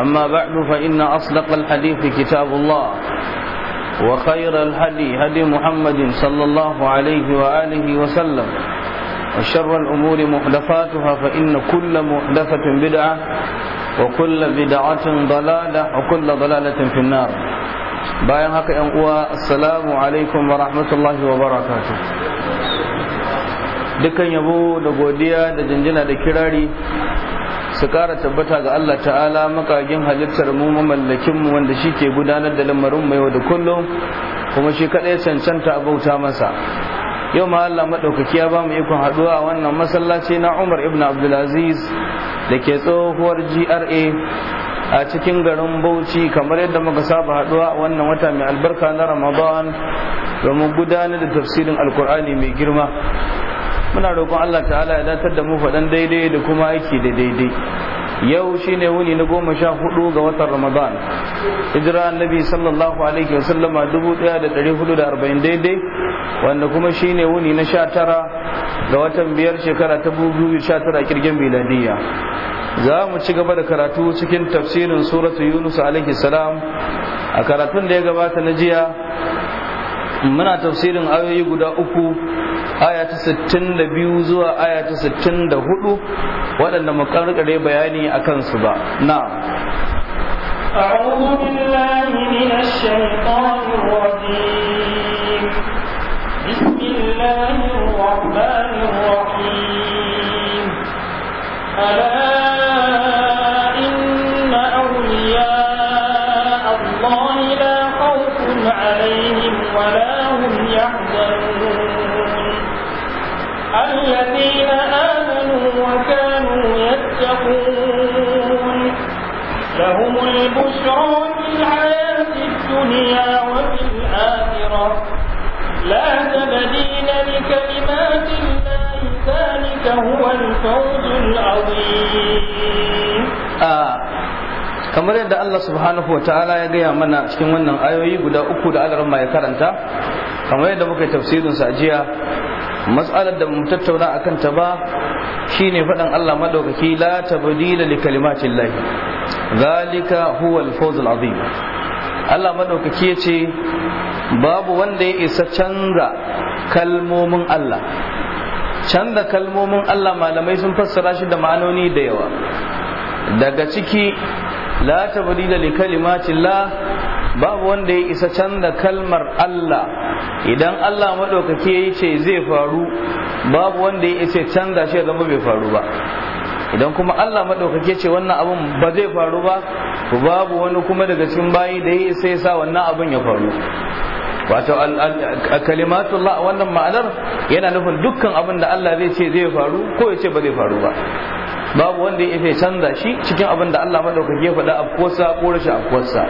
أما بعد فإن أصدق الحديث كتاب الله وخير الهدي هدي محمد صلى الله عليه وآله وسلم وشر الأمور محدثاتها فإن كل محدثة بدعة وكل بدعة ضلالة وكل ضلالة في النار bayan haka yan uwa assalamu alaikum wa rahmatullahi wa barakatuh dukan yabo da godiya da jinjina da kirari su kara tabbata ga Allah ta'ala makagin halittar mu mamallakin mu wanda shi ke gudanar da lamarin mai da kullum kuma shi kaɗai cancanta a bauta masa yau ma Allah maɗaukaki ya ba mu ikon haɗuwa a wannan masallaci na Umar ibn Abdulaziz da ke tsohuwar GRA a cikin garin Bauchi kamar yadda muka saba haɗuwa a wannan wata mai albarka na Ramadan domin gudanar da tafsirin Alkur'ani mai girma muna roƙon Allah ta'ala ya datar da mu faɗan daidai da kuma aiki da daidai yau shine wuni na goma sha hudu ga watan ramadan hijira annabi sallallahu alaihi wasallama dubu ɗaya da ɗari hudu da arba'in daidai wanda kuma shine wuni na sha tara ga watan biyar shekara ta biyu sha tara kirgin miladiyya za mu ci gaba da karatu cikin tafsirin suratu yunus alaihi salam a karatun da ya gabata na jiya muna tafsirin ayoyi guda uku aya ta 62 zuwa aya ta 64 waɗanda makarƙare bayani a kansu ba na أعوذ بالله من الشيطان الرجيم بسم الله الرحمن الرحيم ألا بشرى في الحياة الدنيا وفي الآخرة لا تبديل لكلمات الله ذلك هو الفوز العظيم آه. kamar yadda Allah subhanahu wa ta'ala ya gaya mana cikin wannan ayoyi guda uku da alarma ya karanta kamar yadda muka tafsirin sa jiya matsalar da mu tattauna akan ta ba shine faɗan Allah madaukaki la tabdila li kalimatin zalika huwa al-fawz al-azim Allah madaukaki yace babu wanda ya isa canza kalmomin Allah canza kalmomin Allah malamai sun fassara shi da ma'anoni da yawa daga ciki la tabdila li kalimatillah babu wanda ya isa canza kalmar Allah idan Allah madaukaki yace zai faru babu wanda ya isa canza shi ya zama bai faru ba idan kuma Allah madaukake ce wannan abun ba zai faru ba babu wani kuma daga cikin bayi da ya sai sa wannan abun ya faru wato kalimatullah wannan ma'anar yana nufin dukkan abin da Allah zai ce zai faru ko ya ce ba zai faru ba babu wanda ya fi canza shi cikin abin da Allah madaukake faɗa kosa ko rashin kosa.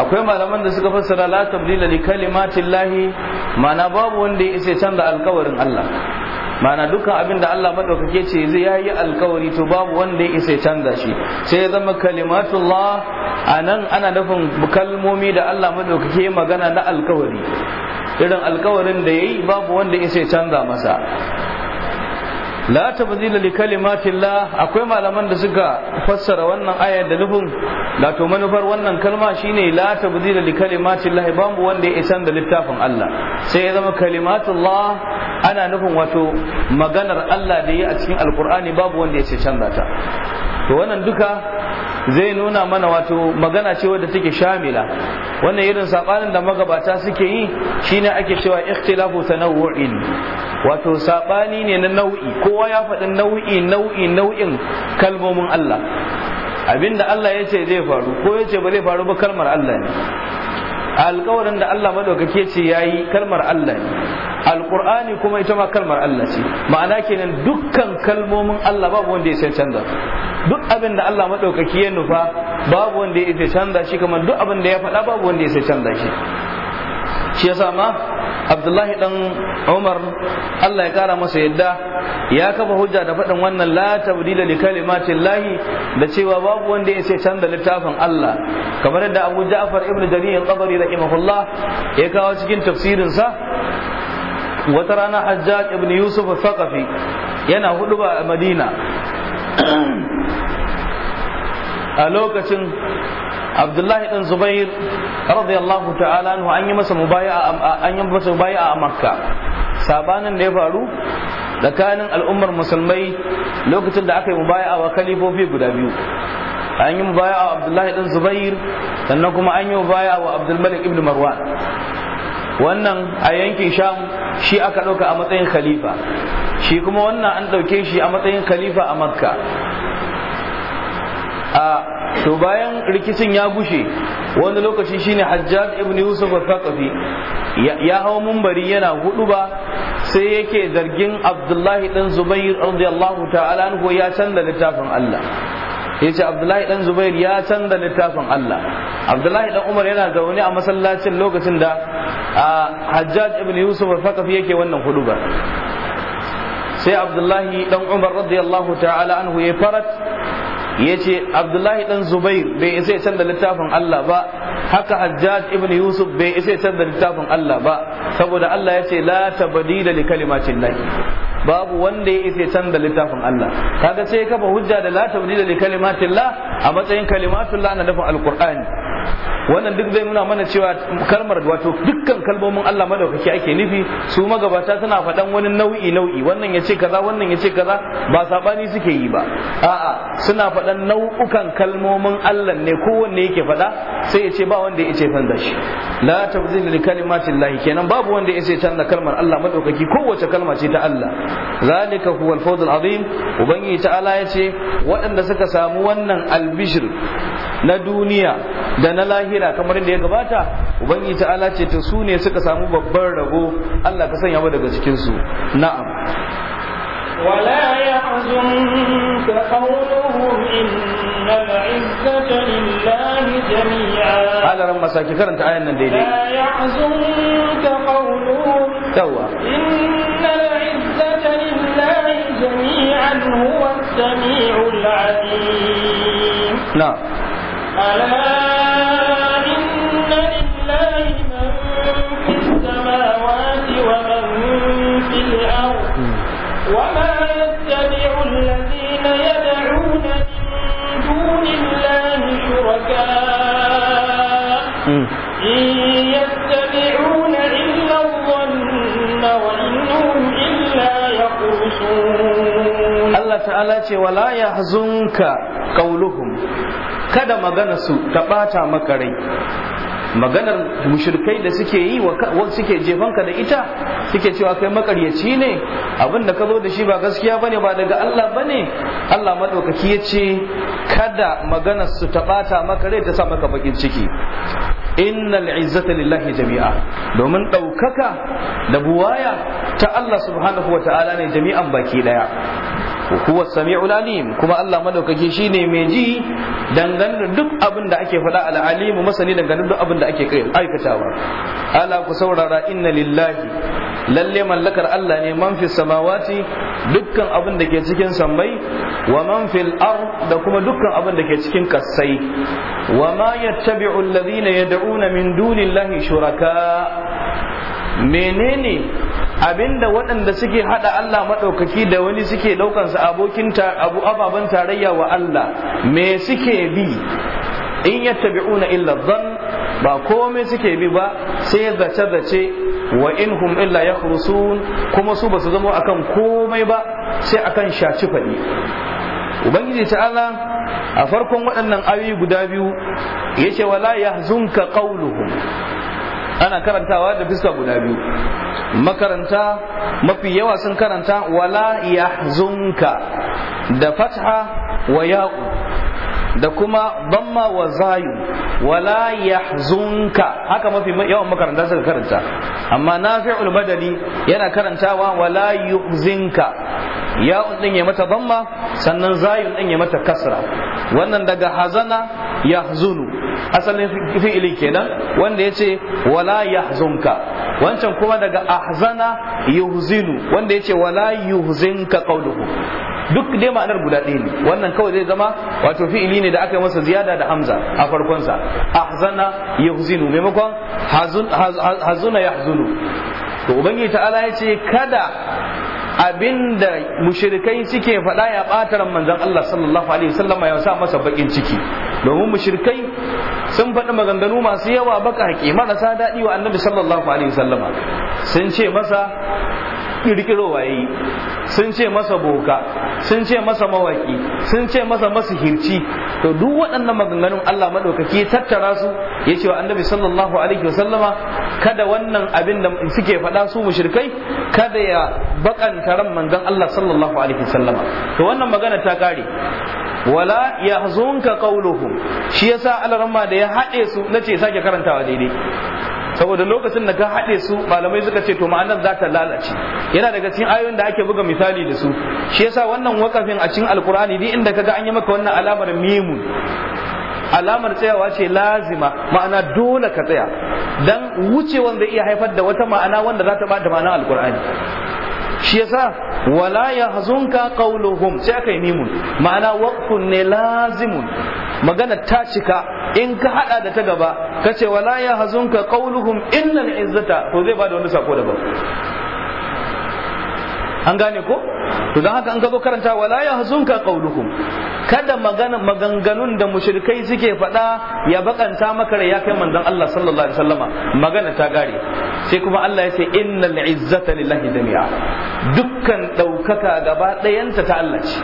akwai malaman da suka fassara la tabdila li kalimatillahi ma'ana babu wanda ya isa canza alkawarin Allah mana duka abin da Allah madaukake ce zai yayi alkawari to babu wanda ya isa canza shi sai ya zama kalimatullah anan ana nufin kalmomi da Allah madaukake magana na alkawari irin alkawarin da yayi babu wanda ya isa canza masa la tabdila li kalimatillah akwai malaman da suka fassara wannan aya da nufin da to manufar wannan kalma shine la tabdila li kalimatillah babu wanda ya isan da littafin Allah sai ya zama kalimatullah ana nufin wato maganar Allah da ya a cikin alkur'ani babu wanda ya ce canza ta to wannan duka zai nuna mana wato magana ce wadda take shamila wannan irin sabanin da magabata suke yi shine ake cewa ikhtilafu tanawu'in wato sabani ne na nau'i kowa ya faɗi nau'i nau'i nau'in kalmomin Allah abinda Allah ya ce zai faru ko ya ce ba zai faru ba kalmar Allah ne alkawarin da Allah madaukake ce yayi kalmar Allah ne alqur'ani kuma ita ma kalmar Allah ce ma'ana kenan dukkan kalmomin Allah babu wanda ya canza duk abin da Allah madaukake ya nufa babu wanda ya canza shi kamar duk abin da ya faɗa babu wanda ya canza shi shi yasa ma abdullahi dan umar allah ya kara masa yadda ya kafa hujja da faɗin wannan la tabdila li kalimatin lahi da cewa babu wanda ya ce canza littafin allah kamar yadda abu ja'far ibnu jarir al-qabari rahimahullah ya kawo cikin tafsirin sa wata rana hajjaj ibn yusuf al-thaqafi yana huɗu a madina a lokacin abdullahi dan zubair radiyallahu ta'ala anhu an yi masa mubaya'a an yi masa mubaya'a a makka sabanin da ya faru tsakanin al'ummar musulmai lokacin da aka yi mubaya'a wa kalifofi guda biyu an yi mubaya'a wa abdullahi dan zubair sannan kuma an yi mubaya'a wa abdulmalik ibn marwan wannan a yankin sham shi aka ɗauka a matsayin khalifa shi kuma wannan an ɗauke shi a matsayin khalifa a makka a to bayan rikicin ya gushe wani lokaci shine hajjaj ibn yusuf al-thaqafi ya hawo mumbari yana hudu ba sai yake zargin abdullahi dan zubair radiyallahu ta'ala anhu ya canza littafin Allah yace abdullahi dan zubair ya canza littafin Allah abdullahi dan umar yana zaune a masallacin lokacin da hajjaj ibn yusuf al-thaqafi yake wannan hudu ba sai abdullahi dan umar radiyallahu ta'ala anhu ya farat yace abdullahi dan zubair bai isa ya canza littafin Allah ba haka hajjaj ibn yusuf bai isa ya canza littafin Allah ba saboda Allah yace la tabdila li kalimatin lahi babu wanda ya isa ya canza littafin Allah kaga sai ya kafa hujja da la tabdila li kalimatin a matsayin kalimatun na dafa alqur'ani wannan duk zai nuna mana cewa kalmar wato dukkan kalmomin Allah madaukaki ake nufi su magabata suna faɗan wani nau'i nau'i wannan ya ce kaza wannan ya ce kaza ba sabani suke yi ba a'a suna faɗan nau'ukan kalmomin Allah ne kowanne yake faɗa sai ya ce ba wanda ya ce fanda shi la tabdil li kalimatillahi kenan babu wanda ya ce canza kalmar Allah madaukaki kowace kalma ce ta Allah zalika huwal fawzul azim ubangiji ta'ala ya ce waɗanda suka samu wannan albishir na duniya da na lahi lahira kamar da ya gabata ubangiji ta'ala ce ta su ne suka samu babban rago. Allah ka sanya ba daga cikin su na'am ولا يحزنك قولهم إن العزة لله جميعا هذا لما ساكي آية ديدي لا يحزنك قولهم إن العزة لله جميعا هو السميع العليم نعم ألا الأرض وما يتبع الذين يدعون من دون الله شركاء إن يتبعون إلا الظن إلا يخرصون الله تعالى ولا يحزنك قولهم kada magana su ta ɓata maka rai maganar mushirkai da suke yi wa suke jefanka da ita suke cewa kai makaryaci ne abin da ka zo da shi ba gaskiya bane ba daga Allah bane Allah madaukaki ya ce kada maganar su ta bata maka rai ta sa maka bakin ciki innal izzata lillahi jami'a domin ɗaukaka da buwaya ta Allah subhanahu wa ne jami'an baki daya huwa sami'ul alim kuma Allah madaukaki shine mai ji dangane da duk abin da ake faɗa al alimu masani dangane da duk abin da ake aikatawa ala ku saurara inna lillahi lalle mallakar Allah ne man fi samawati dukkan abin da ke cikin sammai wa man fil da kuma dukkan abin da ke cikin kassai wa ma yattabi'u alladhina yad'una min dunillahi shuraka menene abinda waɗanda suke hada Allah maɗaukaki da wani suke ɗaukansa abokin abu ababen tarayya wa Allah me suke bi in yattabi'una illa dhann ba komai suke bi ba sai zace-zace wa in hum illa ya kuma su ba su zama akan komai ba sai akan shaci faɗi ubangiji ta'ala a farkon waɗannan ayoyi guda biyu ya ce wala yahzunka qawluhum ana karantawa da fiska guda biyu makaranta mafi yawa sun karanta wala yahzunka da fatha wa ya'u da kuma bamma wa zayu wala yahzunka haka mafi yawan makaranta suka karanta amma nafi'ul madani yana karantawa wala yuhzinka Ya din ya mata bamma sannan zayun din ya mata kasra wannan daga hazana yahzunu asalin fi'ili kenan wanda yace wala yahzunka wancan kuma daga ahzana yuhzinu wanda yace wala yuhzinka qawluhu duk dai ma'anar guda ɗaya ne wannan kawai zai zama wato fi'ili ne da aka yi masa ziyada da hamza a farkonsa ahzana yahzinu maimakon hazuna yahzunu to ubangiji ta'ala ya ce kada abinda mushirikai suke faɗa ya ɓata manzon Allah sallallahu alaihi wasallam ya sa masa bakin ciki domin mushirikai sun faɗi maganganu masu yawa baka haƙi marasa daɗi wa annabi sallallahu alaihi wasallam sun ce masa kirkiro waye sun ce masa boka sun ce masa mawaki sun ce masa masihirci to duk waɗannan maganganun Allah madaukaki ya tattara su ya ce wa annabi sallallahu alaihi wasallama kada wannan abin da suke faɗa su mushrikai kada ya bakan ran manzon Allah sallallahu alaihi wasallama to wannan magana ta kare wala yahzunka qawluhum shi yasa alarma da ya haɗe su nace sake karantawa daidai saboda lokacin da ka haɗe su malamai suka ce to ma'anar za ta lalace yana daga cikin ayoyin da ake buga misali da su shi yasa wannan wakafin a cikin alkur'ani duk inda kaga an yi maka wannan alamar mimun alamar tsayawa ce lazima ma'ana dole ka tsaya dan wucewan zai iya haifar da wata ma'ana wanda za ta bada ma'anar alkur'ani shi yasa wala hazunka qauluhum sai aka yi mimun ma'ana waqfun ne lazimun magana ta cika in ka hada da ta gaba kace wala hazunka qauluhum innal izzata to zai bada wani sako daban an gane ko to don haka an ka zo karanta wala yahzunka qauluhum kada magana maganganun da mushrikai suke faɗa ya bakanta maka ya kai manzon Allah sallallahu alaihi wasallama magana ta gare sai kuma Allah ya ce innal izzata lillahi jami'a dukkan daukaka gaba ɗayanta ta Allah ce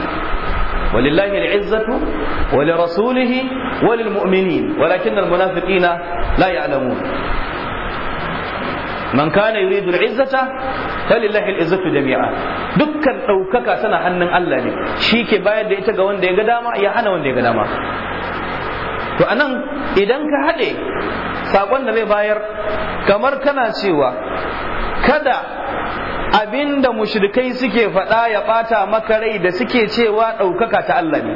ولله العزة ولرسوله وللمؤمنين ولكن المنافقين لا يعلمون man kana yuridu al-izzata falillahi al-izzatu jami'a dukkan daukaka sana hannun Allah ne shi ke bayar da ita ga wanda ya ga dama ya hana wanda ya ga dama to anan idan ka hade sakon da zai bayar kamar kana cewa kada abinda mushirikai mushrikai suke faɗa ya ɓata maka rai da suke cewa ɗaukaka ta Allah ne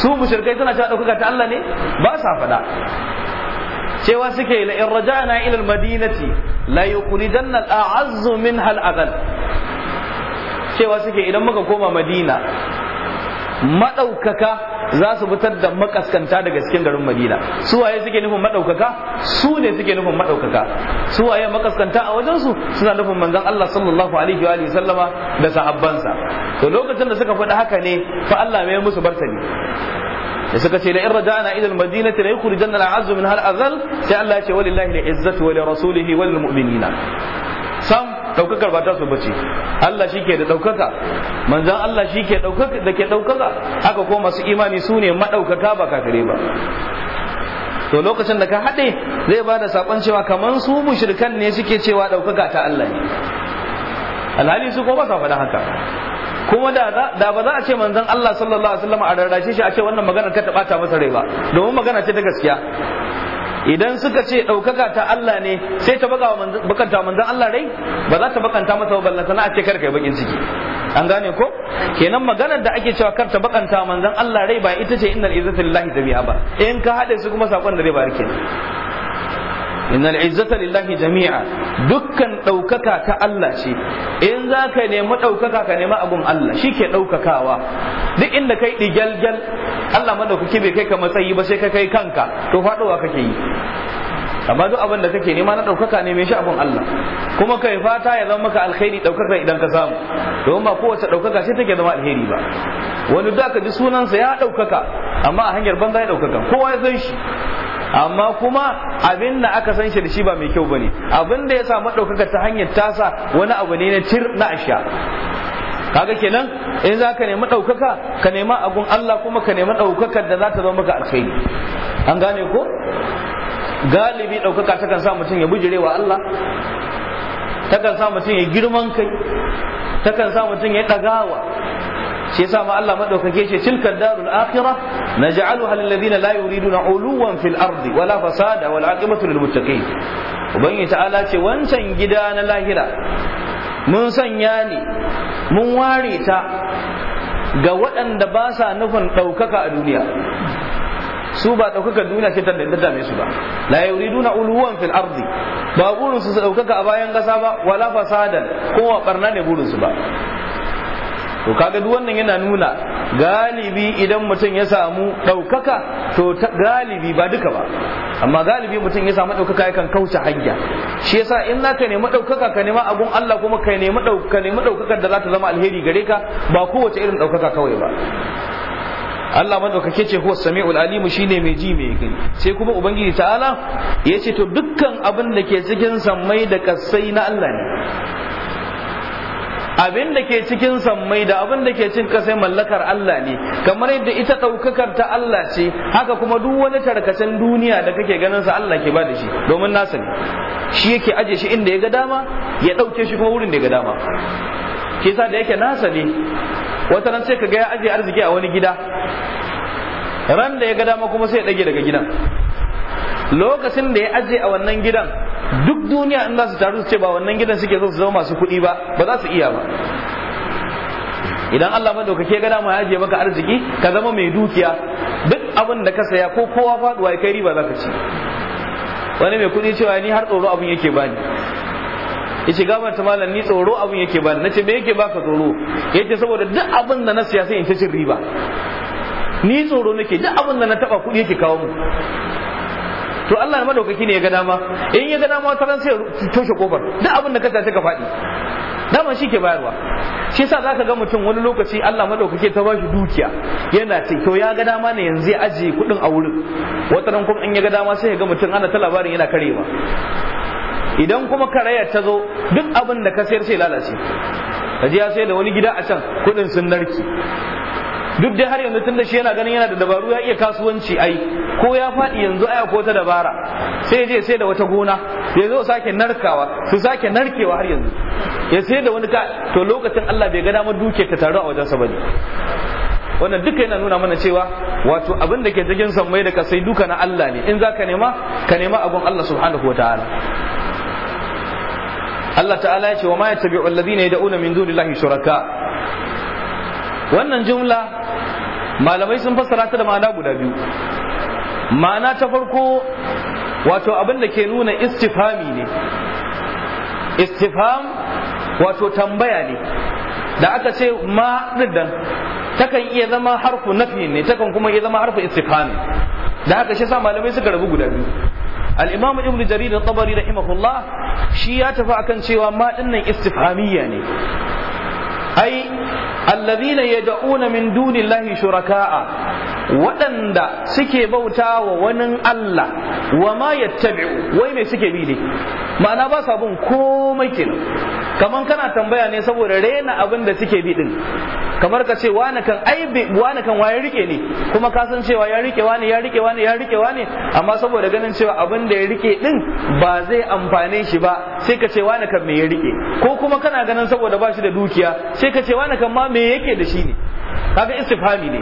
su mushrikai suna cewa ɗaukaka ta Allah ne ba sa faɗa cewa suke la in raja'na ila al-madinati la yukhrijanna al-a'azzu minha al-adhal cewa suke idan muka koma madina maɗaukaka za su fitar da makaskanta daga cikin garin madina waye suke nufin madaukaka? su ne suke nufin Su waye makaskanta a wajensu suna nufin manzon Allah sallallahu alaihi wa sallama da sahabbansa to lokacin da suka faɗi haka ne fa Allah ya musu bartani da suka ce la in raja'na ila al-madinati la yukhrijanna al-azz min hal azal sai Allah ya ce walillahi al-izzatu wa li rasulihi wal mu'minina sam daukakar ba ta so bace Allah shike da daukaka manzon Allah shike daukaka da ke daukaka haka ko masu imani su ne madaukaka ba kafire ba to lokacin da ka haɗe zai bada da saƙon cewa kamar su mushrikan ne suke cewa ɗaukaka ta Allah ne alhali su ko ba sa faɗa haka kuma da da ba za a ce manzon Allah sallallahu alaihi wasallam a rarrashe shi a ce wannan magana ka taba ta masa rai ba domin magana ce ta gaskiya idan suka ce ɗaukaka ta Allah ne sai ta baka bakanta manzon Allah rai ba za ta bakanta masa ba ballan sana'a ce kar kai bakin ciki an gane ko kenan maganar da ake cewa kar ta bakanta manzon Allah rai ba ita ce innal izzatu lillahi jami'a ba in ka hade su kuma sakon da rai ba kenan Inna izzata lillahi jami'a dukkan ɗaukaka ta Allah ce in za ka nemi ɗaukaka ka nemi abun Allah shi ke ɗaukakawa duk inda kai digyalgyal Allah madaukaki bai kai ka matsayi ba sai ka kai kanka to faɗowa kake yi amma duk abin da kake nema na ɗaukaka ne mai shafin Allah kuma kai fata ya zama maka alkhairi ɗaukaka idan ka samu domin ba kowace ɗaukaka sai take zama alheri ba wani da ka ji sunansa ya ɗaukaka amma a hanyar banza ya ɗaukaka kowa ya san shi amma kuma abin da aka san shi da shi ba mai kyau bane abin da ya samu ɗaukaka ta hanyar tasa wani abu ne na cir na asha kaga kenan in za ka nemi ɗaukaka ka nema agun Allah kuma ka nemi ɗaukakar da za ta zama maka alkhairi an gane ko galibi ɗaukaka takan sa mutum ya bujirewa Allah takan sa mutum ya girman kai takan sa mutum ya ɗagawa shi yasa ma Allah madaukake shi tilka darul akhirah naj'aluha lil ladina la yuriduna uluwan fil ardi wala fasada wal aqibatu lil muttaqin ubangiji ta'ala ce wancan gida na lahira mun sanya ne mun ware ta ga waɗanda ba sa nufin ɗaukaka a duniya su ba ɗaukakar duniya ce ta dame su ba la yuriduna uluwan fil ardi ba burin su ɗaukaka a bayan ƙasa ba wala fasadan wa barna ne burin su ba to kaga duk wannan yana nuna galibi idan mutum ya samu ɗaukaka to galibi ba duka ba amma galibi mutum ya samu ɗaukaka yakan kauce hanya shi yasa in za ka nemi ɗaukaka ka nema abun Allah kuma ka nemi ɗaukakar da za ta zama alheri gare ka ba kowace irin ɗaukaka kawai ba Allah madaukake ce huwa sami'ul Alim shine mai ji mai gani sai kuma ubangiji ta'ala ya ce to dukkan abin da ke cikin sammai da kasai na Allah ne abin da ke cikin sammai da abin da ke cin kasai mallakar Allah ne kamar yadda ita ɗaukakar ta Allah ce haka kuma duk wani tarkacen duniya da kake ganin sa Allah ke ba da shi domin nasa shi yake aje shi inda ya ga dama ya ɗauke shi kuma wurin da ya ga dama shi yasa da yake nasa ne wata nan sai ga ya aje arziki a wani gida ran da ya ga dama kuma sai ya dage daga gidan lokacin da ya aje a wannan gidan duk duniya in za su taru su ce ba wannan gidan suke so su zama masu kuɗi ba ba za su iya ba idan Allah madaukake ga dama ya aje maka arziki ka zama mai dukiya duk abin da ka saya ko kowa faduwa ya kai riba za ka ci wani mai kuɗi cewa ni har tsoro abin yake bani yace gabar ta malam ni tsoro abin yake ba nace me yake baka tsoro yace saboda duk abin da na siya sai in ta cin riba ni tsoro nake duk abin da na taba kuɗi yake kawo mu to Allah na madaukaki ne ya ga dama in ya ga dama wata ran sai toshe kofar duk abin da ka tace ka faɗi dama shi ke bayarwa shi yasa zaka ga mutum wani lokaci Allah madaukake ta bashi dukiya yana ce to ya ga dama ne yanzu ya ajiye kuɗin a wurin wata ran kuma in ya ga dama sai ya ga mutum ana ta labarin yana karewa idan kuma karayar ta zo duk abin da ka sayar sai lalace kaji ya sayar da wani gida a can kuɗin sun narki duk dai har yanzu tun da shi yana ganin yana da dabaru ya iya kasuwanci ai ko ya faɗi yanzu aya ko ta dabara sai je sai da wata gona ya zo sake narkawa su sake narkewa har yanzu ya sai da wani ka to lokacin Allah bai ga damar duke ta taru a wajensa bane wannan duka yana nuna mana cewa wato abin da ke cikin sammai da sai duka na Allah ne in zaka nema ka nema abun Allah subhanahu wataala Allah ta'ala ya ce wa ma yattabi'u alladhina yad'una min dunillahi shuraka wannan jumla malamai sun fassara ta da ma'ana guda biyu ma'ana ta farko wato abin da ke nuna istifami ne Istifam wato tambaya ne da aka ce ma dinnan takan iya zama harfu nafi ne takan kuma iya zama harfu istifami. da aka shi sa malamai suka rabu guda biyu al-imam ibn jarir at-tabari rahimahullah shi ya tafi akan cewa ma dinnan istifhamiyya ne ai الذين يدعون min دون shuraka'a waɗanda suke bauta wa wani Allah wa ma yattabi'u wai me suke bi ne ma'ana ba sa bin komai kenan kaman kana tambaya ne saboda rena abin da suke bi din kamar ka ce wani kan ai wani kan waye rike ne kuma ka san cewa ya rike wani ya rike wani ya rike wani amma saboda ganin cewa abin da ya rike din ba zai amfane shi ba sai ka ce wani kan me ya rike ko kuma kana ganin saboda ba shi da dukiya sai ka ce wani kan ma me yake da shi ne kaga istifhami ne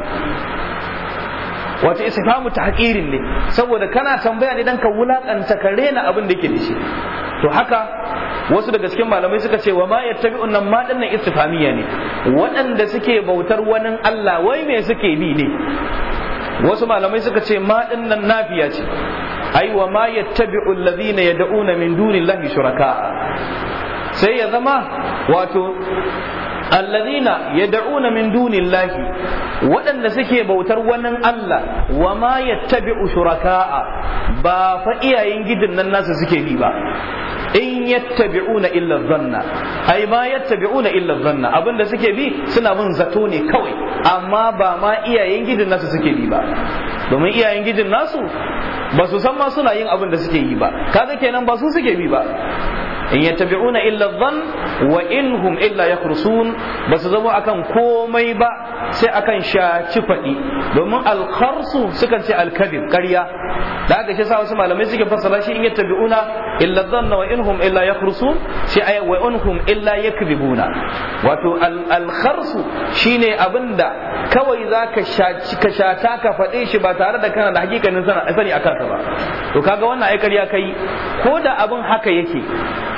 wato istifhamu tahqirin ne saboda kana tambaya ne dan ka wulakanta ka rena abin da yake da shi to haka wasu daga cikin malamai suka ce wa ma yattabi'un nan ma dinnan istifhamiya ne waɗanda suke bautar wani Allah wai me suke bi ne wasu malamai suka ce ma nan nafiya ce ai wa ma yattabi'u alladhina yad'una min dunillahi shuraka sai ya zama wato alladhina yad'una min dunillahi waɗanda suke bautar wannan Allah wa ma yattabi'u shuraka'a ba fa iyayen gidan nan nasu suke bi ba in yattabi'una illa dhanna ai ma yattabi'una illa zanna abinda suke bi suna bin zato ne kawai amma ba ma iyayen gidan nasu suke bi ba domin iyayen gidan nasu ba su san ma suna yin abin da suke yi ba kaga kenan ba su suke bi ba in yattabi'una illa dhann wa inhum illa yakhrusun ba su zama akan komai ba sai akan shaci faɗi domin alkharsu sukan ce alkabir ƙarya da aka shi sa wasu malamai suke fassara shi in yattabi'una illa dhanna wa inhum illa yakhrusun shi ay wa inhum illa yakdhibuna wato alkharsu shine abinda kawai zaka shaci ka shata ka faɗe shi ba tare da kana da hakikanin sani akan ka ba to kaga wannan ai ƙarya kai ko da abin haka yake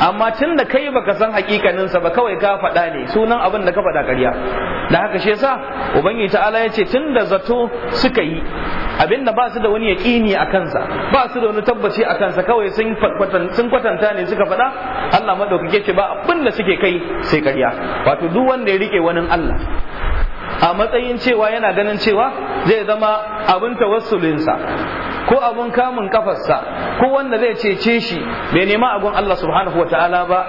amma tun da kai baka san hakikanin sa ba kawai ka faɗa ne sunan abin da ka faɗa ƙarya da haka shi yasa ubangiji ta ala yace tun da zato suka yi abin da ba su da wani yaƙini a kansa ba su da wani tabbaci a kansa kawai sun kwatanta ne suka faɗa Allah madaukake ce ba abin da suke kai sai ƙarya wato duk wanda ya rike wani Allah a matsayin cewa yana ganin cewa zai zama abin tawassulinsa ko abun kamun kafarsa ko wanda zai cece shi bai nema abun Allah subhanahu wa ta'ala ba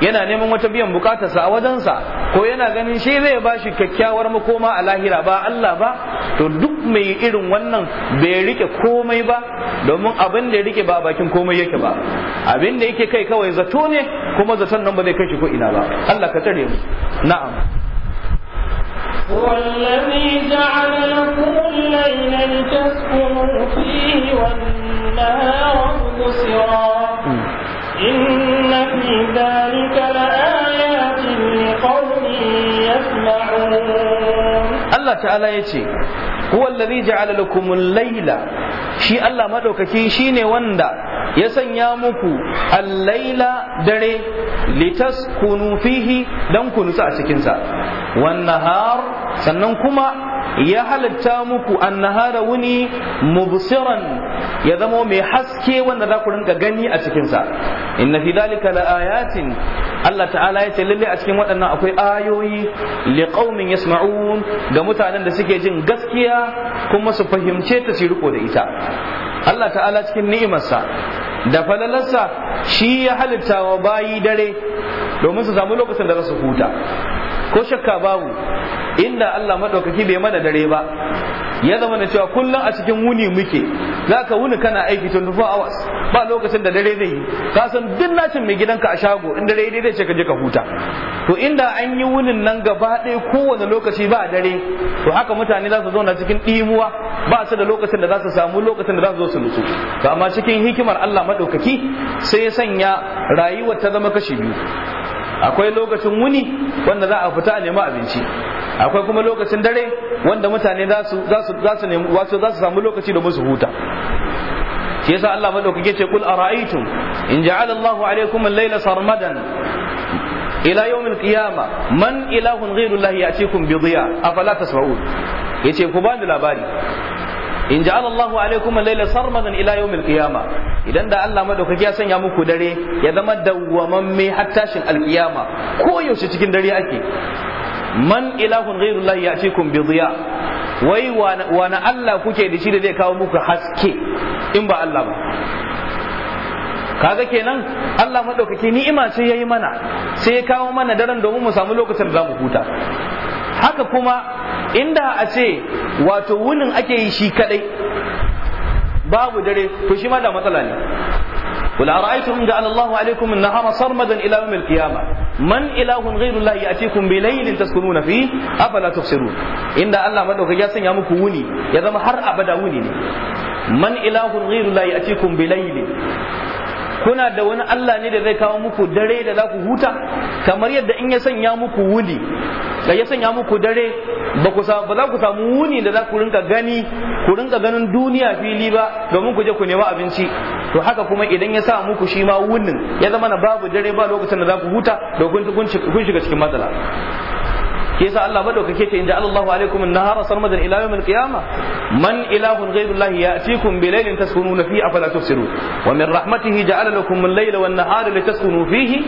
yana neman wata biyan bukatarsa a wajensa ko yana ganin shi zai ba shi kyakkyawar makoma a lahira ba Allah ba to duk mai irin wannan bai rike komai ba domin abin da ya rike ba bakin komai yake ba abin da yake kai kawai zato ne kuma zaton nan ba zai kai shi ko ina ba Allah ka tare mu na'am هو الذي جعل لكم الليل لتسكنوا فيه والنهار مبصرا إن في ذلك لآيات لقوم يسمعون الله تعالى يتي huwa allazi ja'ala lakumul layla shi Allah madaukaki shine wanda ya sanya muku al-laila dare litaskunu fihi dan kunu a cikin sa wan nahar sannan kuma ya halatta muku annahara wuni mubsiran ya zama mai haske wanda za ku rinka gani a cikinsa inna fi dalika la ayatin Allah ta'ala ya ce lalle a cikin waɗannan akwai ayoyi liqaumin yasma'un ga mutanen da suke jin gaskiya kuma su fahimce ta su riko da ita Allah ta'ala cikin ni'imarsa da falalarsa shi ya halitta wa bayi dare domin su samu lokacin da za su huta ko shakka babu inda Allah madaukaki bai mana dare ba ya zama na cewa kullum a cikin wuni muke za ka wuni kana aiki 24 hours ba lokacin da dare zai yi ka san duk nacin mai gidanka a shago in dare dai ce ka je ka huta to inda an yi wunin nan gaba ɗaya kowane lokaci ba dare to haka mutane za su zauna cikin ɗimuwa ba su da lokacin da za su samu lokacin da za su zo su nutsu to amma cikin hikimar Allah maɗaukaki sai ya sanya rayuwar ta zama kashi biyu akwai lokacin wuni wanda za a fita a nemi abinci akwai kuma lokacin dare wanda mutane za su samu lokaci domin su huta shi yasa Allah madaukake ce kul ara'aytum in ja'ala Allahu alaykum al-layla sarmadan ila yawm al-qiyama man ilahun ghayru Allah ya'tikum bi dhiya afala tasma'un yace ku bani labari in ja'al Allahu alaikum laila sarmadan ila yawmil qiyama idan da Allah madaukaki ya sanya muku dare ya zama dawwamamme har tashin alkiyama ko yaushe cikin dare ake man ilahun ghairullahi ya'tikum bi dhiya wai wani Allah kuke da shi da zai kawo muku haske in ba Allah ba kaga kenan Allah madaukaki ni'ima sai yayi mana sai ya kawo mana daren domin mu samu lokacin da za mu huta haka kuma inda a ce wato wunin ake yi shi kadai babu dare to shi da matsala ne kula ra'aytu inda ala Allahu alaykum an nahara sarmadan ila yawm al-qiyamah man ilahun ghayru Allah ya'tikum bi laylin taskununa fi afala inda Allah madaukaki ya sanya muku wuni ya zama har abada wuni ne man ilahun ghayru Allah ya'tikum bi laylin kuna da wani Allah ne da zai kawo muku dare da za ku huta kamar yadda in ya sanya muku wuni da ya sanya muku dare ba ku ba za ku samu wuni da za ku rinka gani ku rinka ganin duniya fili ba domin ku je ku nema abinci to haka kuma idan ya sa muku shi ma wunin ya zama na babu dare ba lokacin da za ku huta da kun shiga cikin matsala ke sa Allah madaukake ce inda Allahu alaikum an-nahara sarmadan ila yawm al-qiyamah man ilahun ghayru Allah ya'tikum bi laylin taskununa fihi afala tubsirun wa min rahmatihi ja'ala lakum al-layla wan-nahara litaskunu fihi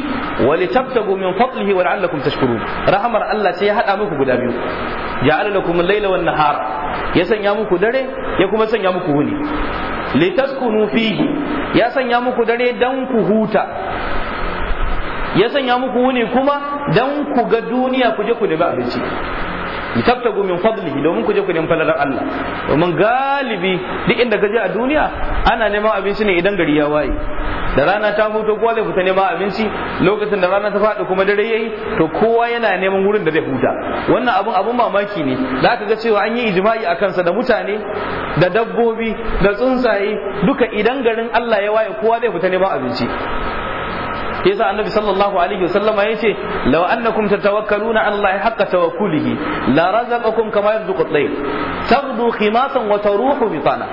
wa litabtagu min fadlihi wa la'allakum tashkurun rahmar Allah sai ya hada muku guda biyu ja'ala lakum al-layla wan-nahara ya sanya muku dare ya kuma sanya muku wuni litaskunu fihi ya sanya muku dare dan ku huta ya sanya muku wuni kuma dan ku ga duniya ku je ku nemi abinci litabtagu min fadlihi domin ku je ku nemi falalar Allah domin galibi duk inda ka je a duniya ana neman abinci ne idan gari ya waye da rana ta huto kowa zai fita neman abinci lokacin da rana ta faɗi kuma dare yayi to kowa yana neman wurin da zai huta wannan abun abun mamaki ne za ka ga cewa an yi ijma'i a kansa da mutane da dabbobi da tsuntsaye duka idan garin Allah ya waye kowa zai fita neman abinci yasa annabi sallallahu alaihi wasallam ya ce law annakum tatawakkaluna ala allahi haqqa tawakkulihi la razaqakum kama yarzuqu at-tayr tabdu khimasan wa taruhu bitana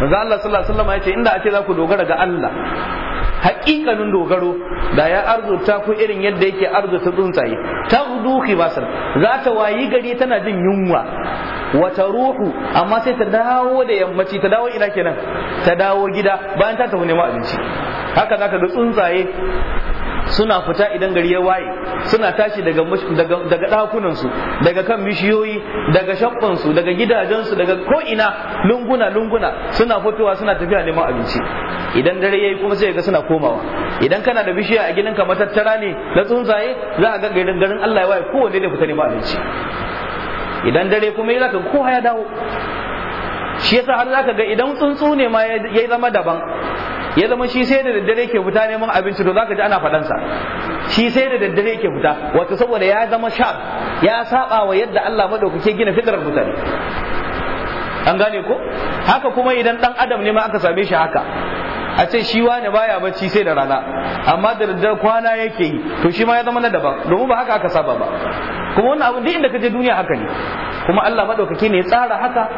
manzo Allah sallallahu alaihi wasallam ya ce inda ake za ku dogara ga Allah haƙiƙanin dogaro da ya arzuta ku irin yadda yake arzuta tsuntsaye ta hudu basar za ta wayi gari tana jin yunwa wata ruhu amma sai ta dawo da yammaci ta dawo ina kenan ta dawo gida bayan ta tafi neman abinci haka zaka ga tsuntsaye suna fita idan gari ya waye suna tashi daga daga su daga kan bishiyoyi daga su daga gidajensu daga ko ina lunguna lunguna suna fitowa suna tafiya neman abinci idan dare yayi kuma sai ga suna komawa idan kana da bishiya a gidanka matattara ne na tsuntsaye za a ga garin garin Allah ya waye kowanne da fita neman abinci idan dare kuma ya zaka kowa ya dawo shi yasa har zaka ga idan tsuntsu ne ma ya zama daban ya zama shi sai da daddare ke fita neman abinci to zaka ji ana faɗansa shi sai da daddare ke fita wato saboda ya zama shar ya saba wa yadda Allah madaukake gina fitrar mutane an gane ko haka kuma idan dan adam ne ma aka same shi haka a ce shi wani baya bacci sai da rana amma da daddar kwana yake yi to shi ma ya zama na daban domin ba haka aka saba ba kuma wannan abu duk inda ka je duniya haka ne kuma Allah madaukake ne ya tsara haka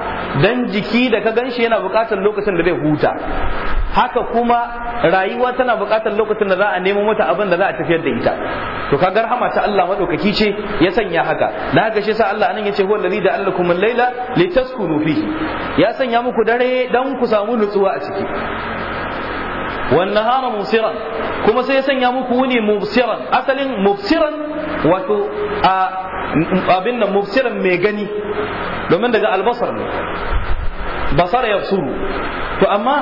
dan jiki da ka ganshi yana bukatar lokacin da zai huta haka kuma rayuwa tana buƙatar lokacin da za a nemo mata abin da za a tafiyar da ita to kaga rahama ta Allah madaukaki ce ya sanya haka na haka shi sa Allah anan yace huwal ladhi da'alakum al-laila litaskunu fihi ya sanya muku dare dan ku samu nutsuwa a ciki wan nahara musiran kuma sai ya sanya muku wuni mubsiran asalin mubsiran wato abin nan mubsiran mai gani domin daga albasar ne basara ya to amma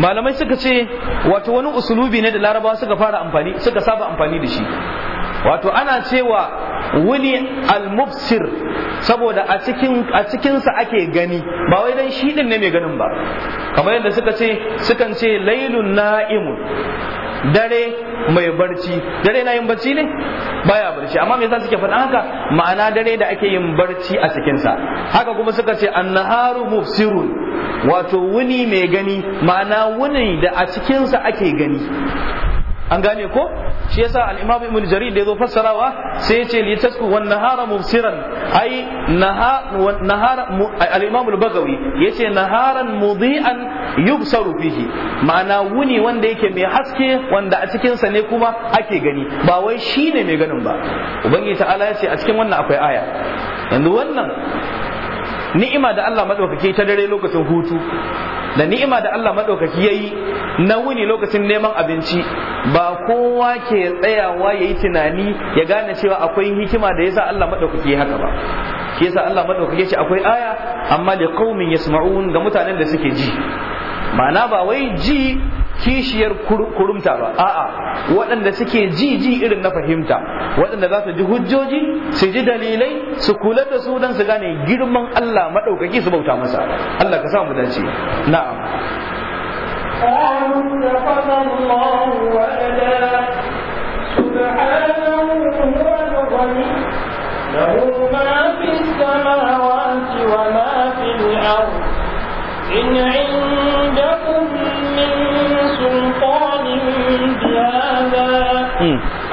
malamai suka ce wato wani usulubi ne da larabawa suka fara amfani suka saba amfani da shi wato ana cewa wuni al saboda a cikinsa ake gani ba wai dan shi din ne mai ganin ba kamar yadda suka ce sukan ce lailun na'imun dare mai barci dare na yin barci ne baya barci amma me yasa suke faɗa haka ma'ana dare da ake yin barci a cikinsa haka kuma suka ce annaharu mufsirun wato wuni mai gani ma'ana wuni da a cikinsa ake gani an gane ko shi yasa al-imam ibn jarir da yazo fassarawa sai yace li tasku wan nahara mubsiran ai nahara al-imam al-bagawi yace naharan mudi'an yubsaru fihi ma'ana wuni wanda yake mai haske wanda a cikin sa ne kuma ake gani ba wai shine mai ganin ba ubangiji ta'ala yace a cikin wannan akwai aya yanzu wannan ni'ima da Allah madaukake ta dare lokacin hutu da ni'ima da Allah maɗaukaki ya yi na wuni lokacin neman abinci ba kowa ke tsayawa ya yi tunani ya gane cewa akwai hikima da yasa Allah maɗaukaki haka ba shi yasa Allah maɗaukaki ya ce akwai aya amma li qaumin yasma'un ga mutanen da suke ji ma'ana ba wai ji kishiyar kurumta ba a'a waɗanda suke ji ji irin na fahimta waɗanda za su ji hujjoji su ji dalilai su kula da su don su gane girman Allah maɗaukaki su bauta masa Allah ka samu dace na'am له ما في السماوات وما في الأرض إن عندكم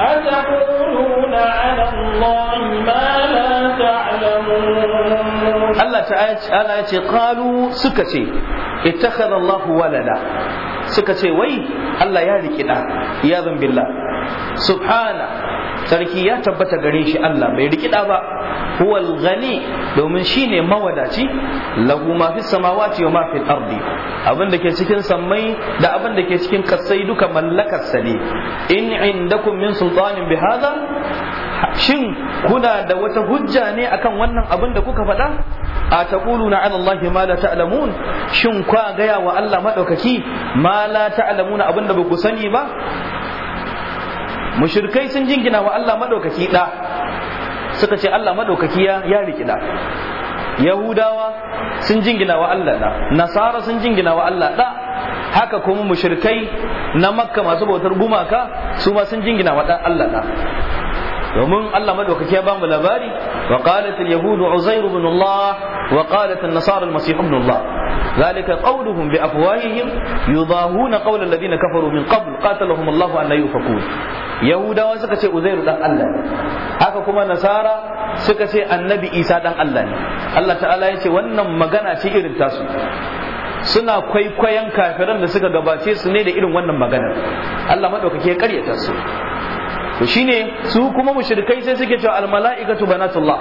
أتقولون على الله ما لا تعلمون الله تعالى قالوا سكتي اتخذ الله ولدا suka ce wai Allah ya riki da ya zambilla subhana sarki ya tabbata gare shi Allah bai rikida ba kuwal ghani domin shine mawadaci lahu ma fis samawati wa ma fil ardi abin da ke cikin sammai da abin da ke cikin kasai duka mallakar sa ne in indakum min sultanin bi hadha shin kuna da wata hujja ne akan wannan abin da kuka faɗa a taquluna ala Allah ma la ta'lamun shin kwa gaya wa Allah madaukaki ma la ta'lamuna abin da ba ku sani ba mushrikai sun jingina wa Allah madaukaki da suka ce Allah madaukaki ya ya riki da yahudawa sun jingina wa Allah da nasara sun jingina wa Allah da haka kuma mushrikai na makka masu bautar gumaka su ma sun jingina wa Allah da domin Allah madaukaki ya bamu labari wa Yahudu al yahud uzair ibn Allah wa qalat an nasara al masih ibn Allah zalika qawluhum bi afwahihim yudahuna qawla alladhina kafaru min qabl qatalahum Allah an yahudawa suka ce Uzairu dan Allah haka kuma nasara suka ce annabi Isa dan Allah ne Allah ta'ala ya ce wannan magana ce irin tasu suna kwaikwayon kafiran da suka gabace su ne da irin wannan magana Allah maɗaukaki ya karyata su to shine su kuma mushrikai sai suke cewa al banatullah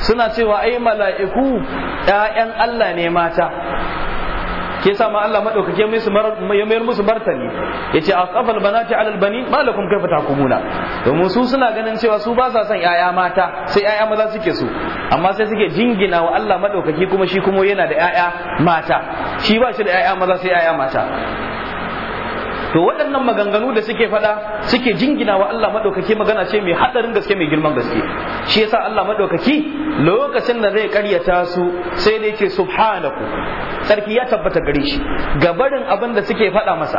suna cewa ai mala'iku ƴaƴan Allah ne mata, ke sama Allah mai su mayar musu martani ya ce a banati alal bani malakum kaifa takumuna domin su suna ganin cewa su ba sa son ‘ya'ya mata sai ‘ya'ya maza suke su amma sai suke jingina wa Allah maɗaukaki kuma shi kuma yana da ‘ya'ya mata shi ba shi da ‘ya'ya maza sai ‘ya'ya mata to waɗannan maganganu da suke faɗa suke jingina wa Allah maɗaukaki magana ce mai haɗarin gaske mai girman gaske shi yasa Allah maɗaukaki lokacin da zai ƙaryata su sai da yake subhanaku sarki ya tabbata gare shi gabarin abin da suke faɗa masa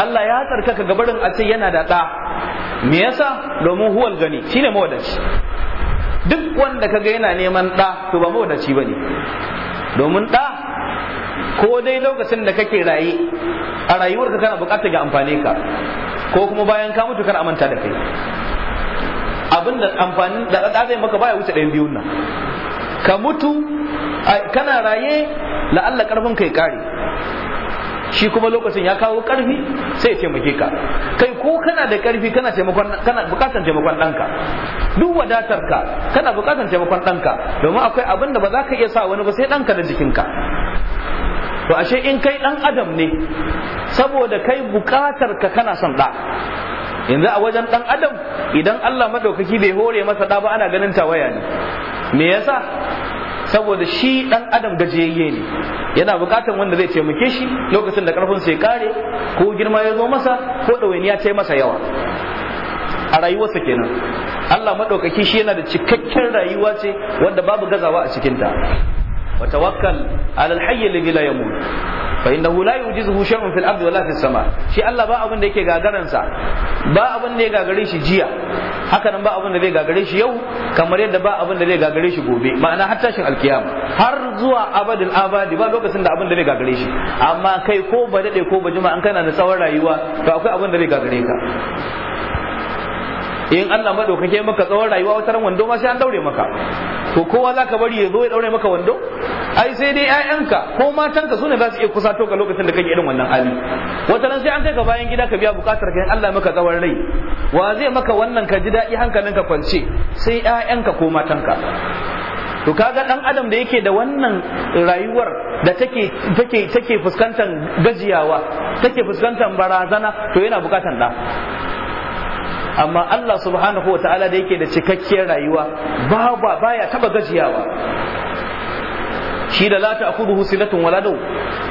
Allah ya tsarkaka gabarin a ce yana da ɗa me yasa domin huwal gani shine mawadaci duk wanda kaga yana neman ɗa to ba mawadaci bane domin ɗa ko dai lokacin da kake raye a rayuwarka kana bukatar ga amfane ka ko kuma bayan ka mutu kana amanta da kai abin da amfanin da da zai maka baya wuce ɗayan biyun nan ka mutu kana raye la'alla karfin kai kare shi kuma lokacin ya kawo karfi sai ya taimake ka kai ko kana da karfi kana taimakon kana bukatar taimakon danka duk wadatar ka kana bukatar taimakon danka domin akwai abin da ba za ka iya sa wani ba sai danka da jikinka to ashe in kai dan adam ne saboda kai bukatar ka kana son da yanzu a wajen dan adam idan Allah madaukaki bai hore masa da ba ana ganin tawaya ne me yasa saboda shi dan adam gajiyayye ne yana bukatar wanda zai taimake shi lokacin da karfin sai kare ko girma ya zo masa ko wani ya yi masa yawa a rayuwarsa kenan Allah maɗaukaki shi yana da cikakken rayuwa ce wanda babu gazawa a cikinta وتوكل على الحي الذي لا يموت فإنه لا يعجزه شيء في الأرض ولا في السماء shi الله ba abun da yake gagaran sa ba abun da ya gagare shi jiya haka nan ba abin da zai gagare shi yau kamar yadda ba abin da zai gagare shi gobe ma'ana har tashin alkiyama har zuwa abadin abadi ba lokacin da abin da zai gagare shi amma kai ko ba dade ko ba jima an kana da tsawon rayuwa to akwai abin da zai gagare ka in Allah madaukake maka tsawon rayuwa wata ran wando ma sai an daure maka to kowa zaka bari ya zo ya daure maka wando ai sai dai ƴaƴanka ko matanka sune za su iya to ga lokacin da kake irin wannan hali wata ran sai an kai ka bayan gida ka biya bukatar ka in Allah maka tsawon rai wa zai maka wannan ka ji daɗi hankalinka kwance sai ƴaƴanka ko matanka to kaga dan adam da yake da wannan rayuwar da take take take fuskantar gajiyawa take fuskantar barazana to yana bukatar da amma Allah subhanahu wa ta'ala da yake da cikakkiyar rayuwa ba ba baya taba gajiyawa shi da lata akuduhu sinatun wala dau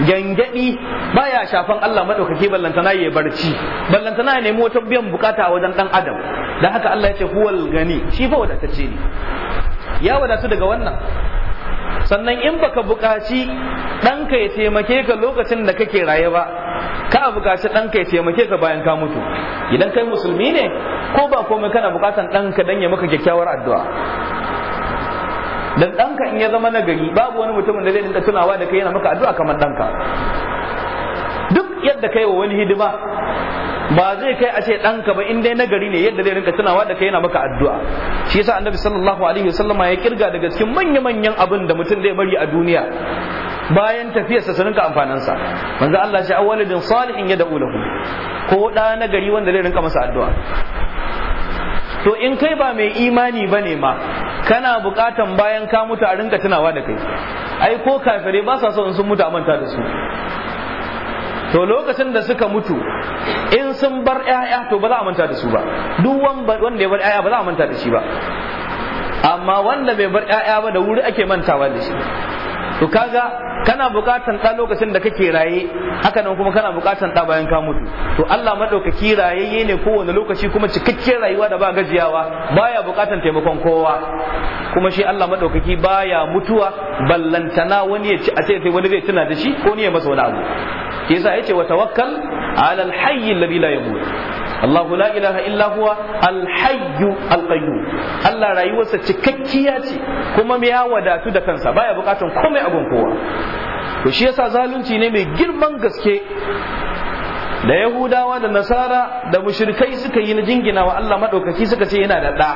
gangadi baya shafan Allah madaukake ballantana ya barci ballantana ya nemi wata biyan bukata wajen dan adam dan haka Allah ya ce huwal gani shi fa wadatacce ne ya wadatu daga wannan sannan in baka buƙaci ɗanka ya taimake ka lokacin da kake raye ba ka buƙaci ɗanka ya taimake ka bayan ka mutu idan kai musulmi ne ko ba komai kana buƙatan ɗanka dan ya maka kyakkyawar addu'a dan ɗanka in ya zama nagari babu wani mutumin da zai dinka tunawa da kai yana maka addu'a kamar ɗanka duk yadda kai wa wani hidima ba zai kai a ce ɗanka ba in dai nagari ne yadda zai rinka tunawa da kai yana maka addu'a shi yasa annabi sallallahu alaihi wasallam ya kirga daga cikin manya-manyan abin da mutum zai bari a duniya bayan tafiyarsa su rinka amfaninsa manzo Allah ya ce awwalidin salihin ya da'u lahu ko da nagari wanda zai rinka masa addu'a to in kai ba mai imani ba ma kana bukatan bayan ka mutu a rinka tunawa da kai ai ko kafirai ba sa so in sun mutu a manta da su to lokacin da suka mutu in sun bar 'ya'ya to ba za a manta da su ba duk wanda ya bar 'ya'ya ba za a manta da shi ba amma wanda bai bar 'ya'ya ba da wuri ake mantawa da shi to kaga kana bukatan ɗa lokacin da kake raye haka nan kuma kana bukatan ɗa bayan ka mutu to Allah madaukaki rayayye ne kowane lokaci kuma cikakken rayuwa da ba gajiyawa baya bukatan taimakon kowa kuma shi Allah madaukaki baya mutuwa ballantana wani ya ci a ce sai wani zai tuna da shi ko ni ya masa wani abu yasa yace wa tawakkal alal hayyin alladhi la yamut Allahu la ilaha illa huwa al-hayyu Allah rayuwarsa cikakkiya ce kuma ya wadatu da kansa baya bukatan komai a kowa to shi yasa zalunci ne mai girman gaske da Yahudawa da Nasara da mushirikai suka yi na jingina wa Allah madaukaki suka ce yana da ɗa.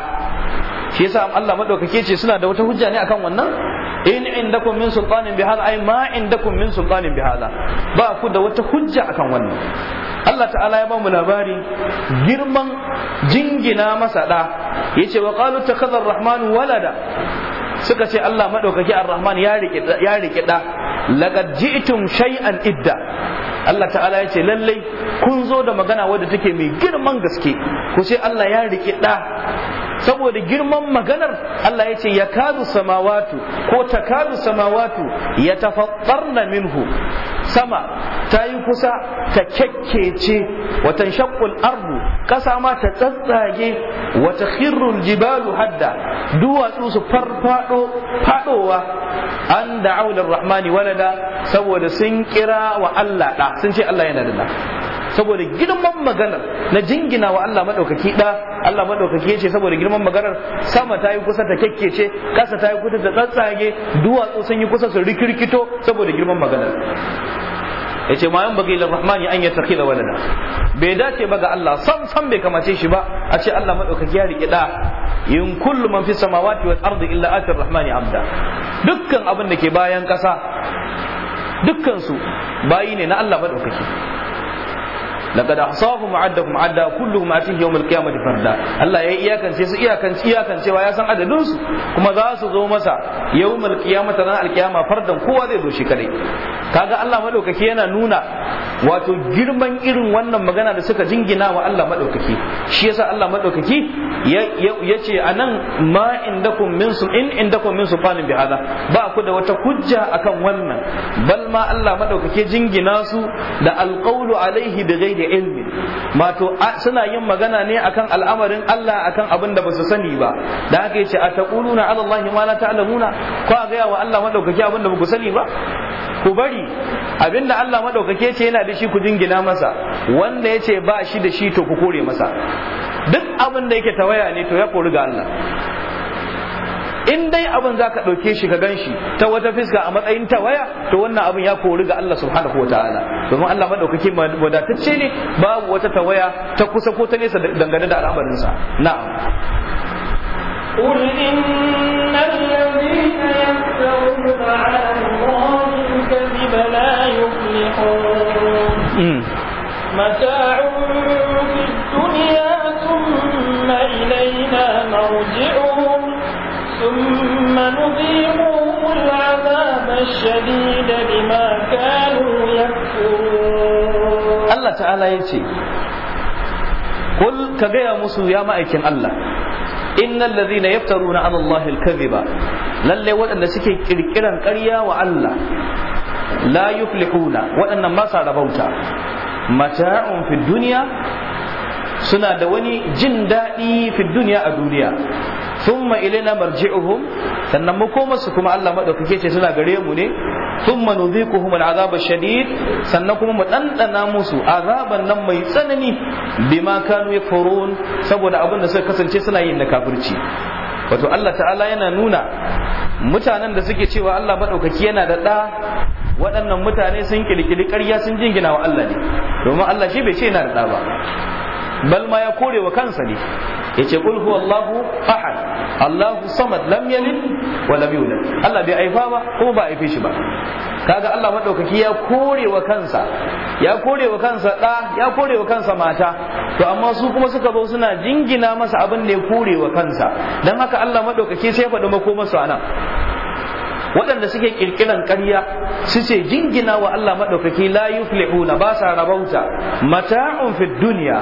shi yasa Allah madaukake ce suna da wata hujja ne akan wannan in indakum min sultanin bihadha ay ma indakum min sultanin bihadha ba ku da wata hujja akan wannan Allah ta'ala ya ba mu labari girman jingina masa ɗa, yace wa qalu takhadha ar-rahman walada suka ce Allah madaukake ar-rahman ya rike ya rike da laqad ji'tum shay'an idda Allah ta'ala ya ce lallai kun zo da magana wadda take mai girman gaske ku sai Allah ya rike da saboda girman maganar Allah ya ce ya kadu samawatu ko ta kazu samawatu ya tafattarna minhu sama ta yi kusa ta kyakkece watan shakkul ardu ƙasa ma ta tsattsage wata khirrul jibalu hadda duwatsu su farfado fadowa an da'awlar rahmani walada saboda sun kira wa Allah da sun ce Allah yana da saboda girman maganar na jingina wa Allah maɗaukaki da Allah madaukaki ce saboda girman maganar sama ta yi kusa ta kekkece kasa ta yi kusa ta tsatsage duwatsu sun yi kusa su rikirkito saboda girman maganar yace ma yanbaghi rahmani an yattakhidha walada bai dace ba ga Allah sam sam bai kamace shi ba a ce Allah madaukaki ya rike ɗa. in kullu man fi samawati wal ardi illa ati rahmani abda dukkan abin da ke bayan kasa dukkansu bayi ne na Allah madaukaki laqad ahsahum addahum adda kulluhum atihi yawm al-qiyamati farda Allah ya iyakance su iyakance ya san adadin su kuma za su zo masa yawm al-qiyamati ran al-qiyama fardan kowa zai zo shi kadai kaga Allah madaukaki yana nuna wato girman irin wannan magana da suka jingina wa Allah madaukaki shi yasa Allah madaukaki ya ce anan ma indakum min in indakum min sultanin bi hada ba ku da wata hujja akan wannan bal ma Allah madaukaki jingina su da alqawlu alaihi bi ghairi ilmi mato suna yin magana ne akan al'amarin Allah akan abin da basu sani ba da haka yace taquluna ala Allahi ma la ta'lamuna ko a gaya wa Allah madaukaki abin da baku sani ba ku bari abin da Allah madaukake ce yana da shi ku dingina masa wanda yace ba shi da shi to ku kore masa duk abin da yake tawaya ne to ya kori ga Allah in dai abin za ka ɗauke shi ka gan shi ta wata fiska a matsayin ta waya to wannan abin ya kori ga Allah subhanahu wa ta'ala domin Allah madaukaki wadatacce ne babu wata tawaya ta kusa ko ta nesa dangane da al'amarinsa na'am قل إن الذين يفترون على الله الكذب لا يفلحون متاع في الدنيا ثم إلينا مرجعون فنذيقهم العذاب الشديد بما كانوا يكفرون الله تعالى يتي قل كغيا مسو يا مايكن الله إن الذين يفترون على الله الكذب للي ودن سكي كركرا قريا وعلا لا يفلحون ودن ما صار بوتا متاع في الدنيا suna da wani jin daɗi fi duniya a duniya thumma ilaina marji'uhum sannan mu koma kuma Allah maɗaukake ce tana gare mu ne thumma nudhiquhum al'azab ash-shadid sannan kuma mu ɗanɗana musu azaban nan mai tsanani bima kanu yakfurun saboda abun da suka kasance suna yin na kafirci wato Allah ta'ala yana nuna mutanen da suke cewa Allah maɗaukaki yana da ɗa waɗannan mutane sun kirkiri ƙarya sun jingina wa Allah ne domin Allah shi bai ce yana da ɗa ba bal ma ya kore wa kansa ne yace qul huwallahu ahad Allahu samad lam yalid wa lam yulad Allah bai aifa ba kuma ba aife shi ba kaga Allah madaukaki ya kore wa kansa ya kore wa kansa da ya kore wa kansa mata to amma su kuma suka zo suna jingina masa abin da ya kore wa kansa dan haka Allah madaukaki sai ya faɗi makomarsu anan waɗanda suke kirkiran ƙarya su ce jingina wa Allah maɗaukaki la yuflihuna ba sa rabauta mata'un fi duniya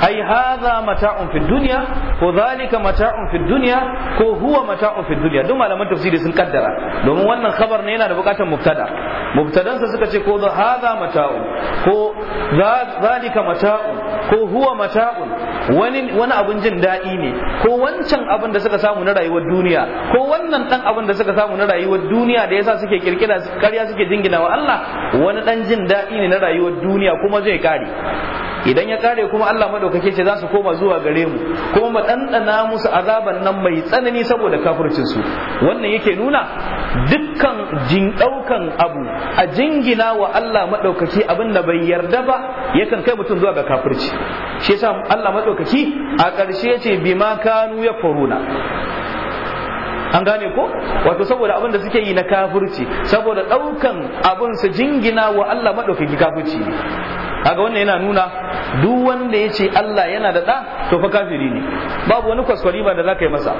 ai hadha mata'un fi duniya ko zalika mata'un fi duniya ko huwa mata'un fi duniya duk malaman tafsiri sun kaddara domin wannan khabar ne yana da bukatar mubtada mubtadansa suka ce ko hadha mata'un ko zalika mata'un ko huwa mata'un wani wani abin jin daɗi ne ko wancan abin da suka samu na rayuwar duniya ko wannan dan abin da suka samu na rayuwar duniya da yasa suke kirkira karya suke jingina wa Allah wani dan jin daɗi ne na rayuwar duniya kuma zai kare idan ya kare kuma Allah madaukake ce za su koma zuwa gare mu kuma mu dandana musu azaban nan mai tsanani saboda kafircin su wannan yake nuna dukkan jin daukan abu a jingina wa Allah madaukake abin da bai yarda ba yakan kai mutum zuwa ga kafirci shi yasa Allah madaukake a ƙarshe ce bima kanu yakuruna an gane ko wato saboda abin da suke yi na kafirci saboda daukan abin su jingina wa Allah maɗaukaki kafirci ne kaga wannan yana nuna duk wanda ya ce Allah yana da ɗa to fa kafiri ne babu wani kwaskwari ba da za yi masa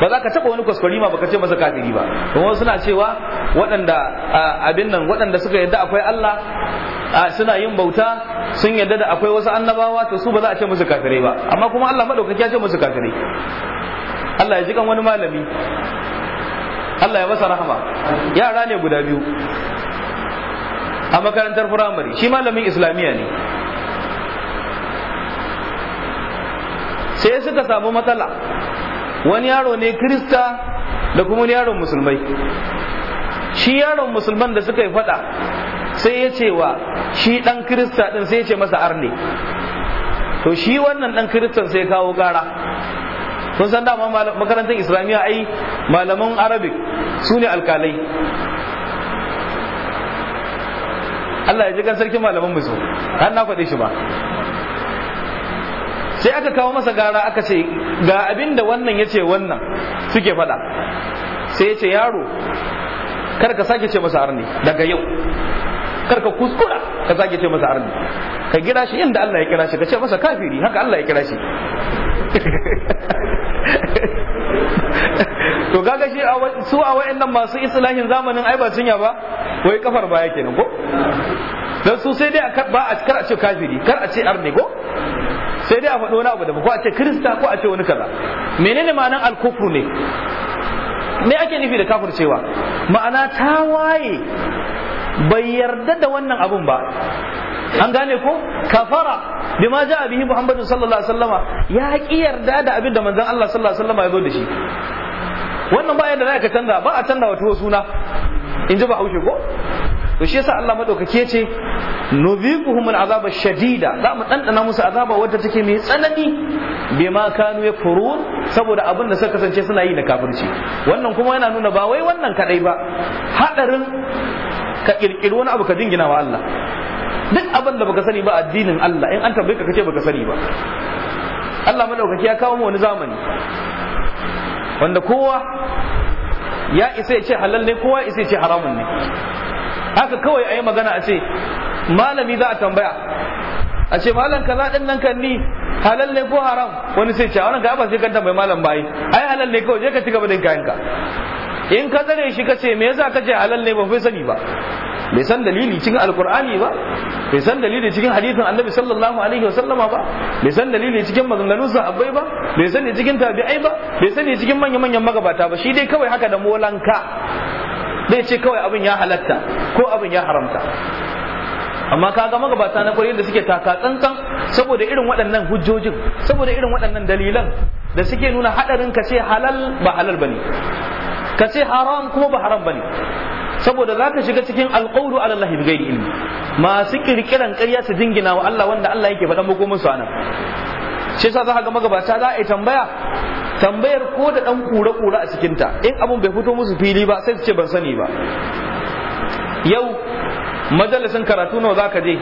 ba za ka taɓa wani kwaskwari ma baka ce masa kafiri ba kuma suna cewa waɗanda abin nan waɗanda suka yadda akwai Allah suna yin bauta sun yadda da akwai wasu annabawa to su ba za a ce musu kafirai ba amma kuma Allah madaukaki ya ce musu kafirai Allah ya ji kan wani malami Allah ya masa rahama yara ne guda biyu a makarantar firamare shi malamin islamiyya ne sai suka samu matsala wani yaro ne krista da kuma yaron musulmai shi yaron musulman da suka yi fada sai ya ce wa shi dan krista din sai ya ce masa arne to shi wannan dan kristan sai kawo gara Sun san dama makarantar islamiyya ai malaman arabic su ne alkalai Allah ya ji kan sarkin malaman so har na faɗe shi ba sai aka kawo masa gara aka ce ga abin da wannan ya ce wannan suke faɗa sai ya ce yaro kar ka sake ce masa arni daga yau kar ka kuskura ka sake ce masa arni ka gira shi inda Allah ya kira shi ka ce masa kafiri haka Allah ya kira shi to kaga shi su a wayannan masu islahin zamanin ai ba cinya ba wai kafar baya kenan ko dan su sai dai a ba a kar a ce kafiri kar a ce arne ko sai dai a faɗo wani abu da ko a ce krista ko a ce wani kaza menene ma'anan alkufru ne me ake nufi da kafircewa ma'ana ta waye bai yarda da wannan abun ba an gane ko kafara ma ja'a bihi Muhammadu sallallahu alaihi wasallam ya ki yarda da abin da manzon Allah sallallahu alaihi wasallam ya zo da shi wannan ba yadda zaka canza ba a canza wato suna in ji ba haushe ko to shi yasa Allah madaukake ce nuziquhum al'azaba shadida za mu dandana musu azaba wadda take mai tsanani ma kanu yakfurun saboda abin da suka kasance suna yi na kafirci wannan kuma yana nuna ba wai wannan kadai ba hadarin ka kirkiri wani abu ka dingina wa Allah duk abin da baka sani ba addinin Allah in an tambaye ka kace baka sani ba Allah madaukaki ya kawo mu wani zamani wanda kowa ya isa ya ce halal ne kowa isa ya ce haramun ne haka kawai a yi magana a ce malami za a tambaya a ce malam kaza din nan kan ni halal ne ko haram wani sai ce wannan ga ba sai kan mai malam bai ai halal ne kawai je ka ci gaba da kayanka in ka zare shi ka ce me yasa ka ce halal ne ba fi sani ba bai san dalili cikin alkur'ani ba bai san dalili cikin hadithin annabi sallallahu alaihi wasallama ba bai san dalili cikin maganganun sahabbai ba bai sani cikin tabi'ai ba bai sani cikin manyan manyan magabata ba shi dai kawai haka da molanka zai ce kawai abin ya halatta ko abin ya haramta amma kaga magabata na kwarai da suke taka tsantsan saboda irin waɗannan hujjojin saboda irin waɗannan dalilan da suke nuna haɗarin ka ce halal ba halal bane ka ce haram kuma ba haram bane saboda zaka shiga cikin alqawlu ala Allah bi ghairi ilmi masu kirkiran ƙarya su dingina wa Allah wanda Allah yake faɗan muku su anan shi yasa zaka ga magabata za a yi tambaya tambayar ko da dan kura kura a cikin ta in abun bai fito musu fili ba sai su ce ban sani ba yau majalisin karatu nawa zaka je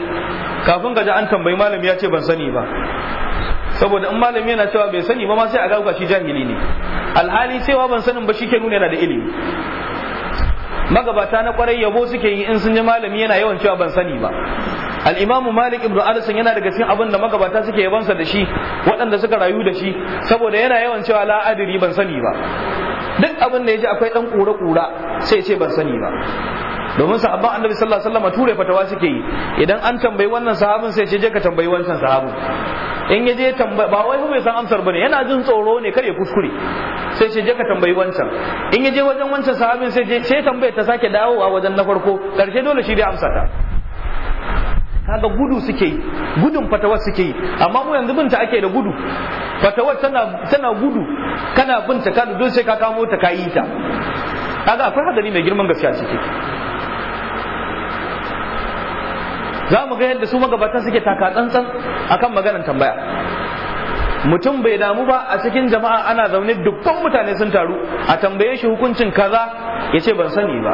kafin ka ji an tambayi malami ya ce ban sani ba saboda in malami yana cewa bai sani ba ma sai a ga shi jahili ne alhali cewa ban sanin ba shike nuna yana da ilimi magabata na kwarai yabo suke yi in sun ji malami yana yawan cewa ban sani ba al-imamu malik ibn anas yana daga cikin abin da magabata suke yabansa da shi waɗanda suka rayu da shi saboda yana yawan cewa la adiri ban sani ba duk abin da ya ji akwai dan kura kura sai ce ban sani ba domin sahabban annabi sallallahu alaihi wasallam ture fatawa suke yi idan an tambayi wannan sahabin sai ce je ka tambayi wancan sahabin in ya je tambaya ba wai bai san amsar bane yana jin tsoro ne kar ya kuskure sai ce je ka tambayi wancan in ya je wajen wancan sahabin sai je sai tambaye ta sake dawowa wajen na farko karshe dole shi dai amsa ta kaga gudu suke yi gudun fatawa suke yi amma mu yanzu binta ake da gudu fatawa tana tana gudu kana binta ka dole sai ka kamo ta ka yi ta kaga akwai hadari mai girman gaskiya ciki za mu ga yadda su magabata suke taka tsantsan akan maganar tambaya mutum bai damu ba a cikin jama'a ana zaune dukkan mutane sun taru a tambaye shi hukuncin kaza ya ce ban sani ba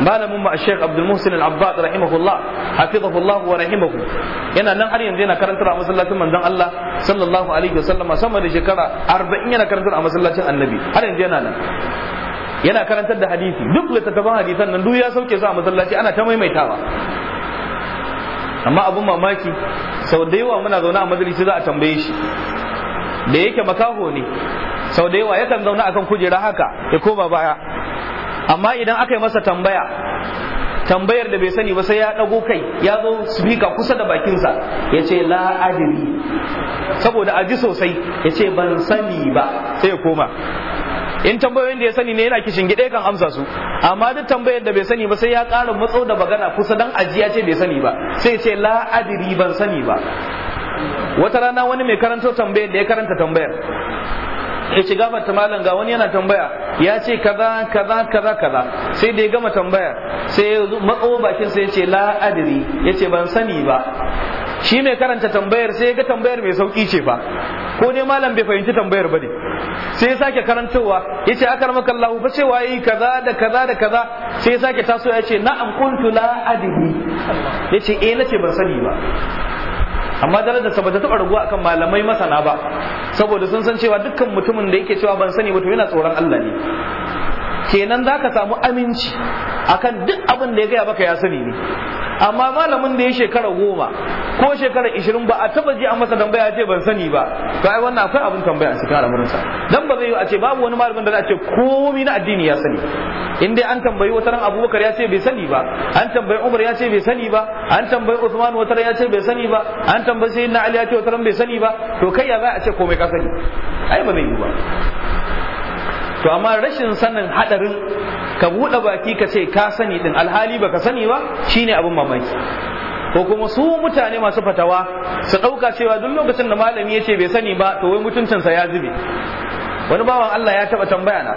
malamin ma Sheikh Abdul Muhsin Al-Abbad rahimahullah hafizahullah wa rahimahu yana nan har yanzu yana karantar a masallacin manzon Allah sallallahu alaihi wa wasallama sama da shekara 40 yana karantar a masallacin Annabi har yanzu yana nan yana karantar da hadisi duk littattafan hadisan nan duk ya sauke su a masallaci ana ta maimaitawa amma abun mamaki sau da yawa muna zaune a majalisi za a tambaye shi da yake makaho ne sau da yawa yakan zauna akan kujera haka ya koma baya amma idan aka yi masa tambaya tambayar da bai sani ba sai ya ɗago kai ya zo spika kusa da bakinsa ya ce la adiri saboda aji sosai ya ce ban sani ba sai ya koma in tambayoyin da ya sani ne yana kishin gide kan amsa su amma duk tambayar da bai sani ba sai ya ƙara matso da magana kusa dan ajiya ce bai sani ba sai ce la adri ban sani ba wata rana wani mai karanto tambayar da ya karanta tambayar ya ci gafar ta malam ga wani yana tambaya ya ce kaza kaza kaza kaza sai da ya gama tambayar sai ya matso bakin sai ya ce la adri ya ce ban sani ba shi mai karanta tambayar sai yaga ga tambayar mai sauki ce ba ko ne malam bai fahimci tambayar ba ne sai ya sake karantawa ya ce aka ramaka Allah fa ce yi kaza da kaza da kaza sai ya sake taso ya ce na'am kuntu la adri ya ce eh nace ban sani ba amma darajar sa bata taba raguwa akan malamai masana ba saboda sun san cewa dukkan mutumin da yake cewa ban sani ba to yana tsoron Allah ne kenan za ka samu aminci akan duk abin da ya gaya baka ya sani ne amma malamin da ya shekara goma ko shekara ishirin ba a taba ji a masa tambaya ce ban sani ba to ai wannan akwai abin tambaya a cikin al'amuransa dan ba zai yi a ce babu wani malamin da za a ce komai na addini ya sani in dai an tambayi wata ran abubakar ya ce bai sani ba an tambayi umar ya ce bai sani ba an tambayi usman wata ran ya ce bai sani ba an tambayi sayyidina ali ya ce wata ran bai sani ba to kai ya za a ce komai ka sani ai ba zai yi ba to amma rashin sanin hadarin ka buɗe baki ka ce ka sani din alhali baka sani ba shine abin mamaki ko kuma su mutane masu fatawa su ɗauka cewa duk lokacin da malami ya ce bai sani ba to wai mutuncinsa ya zube wani bawan Allah ya taɓa tambaya na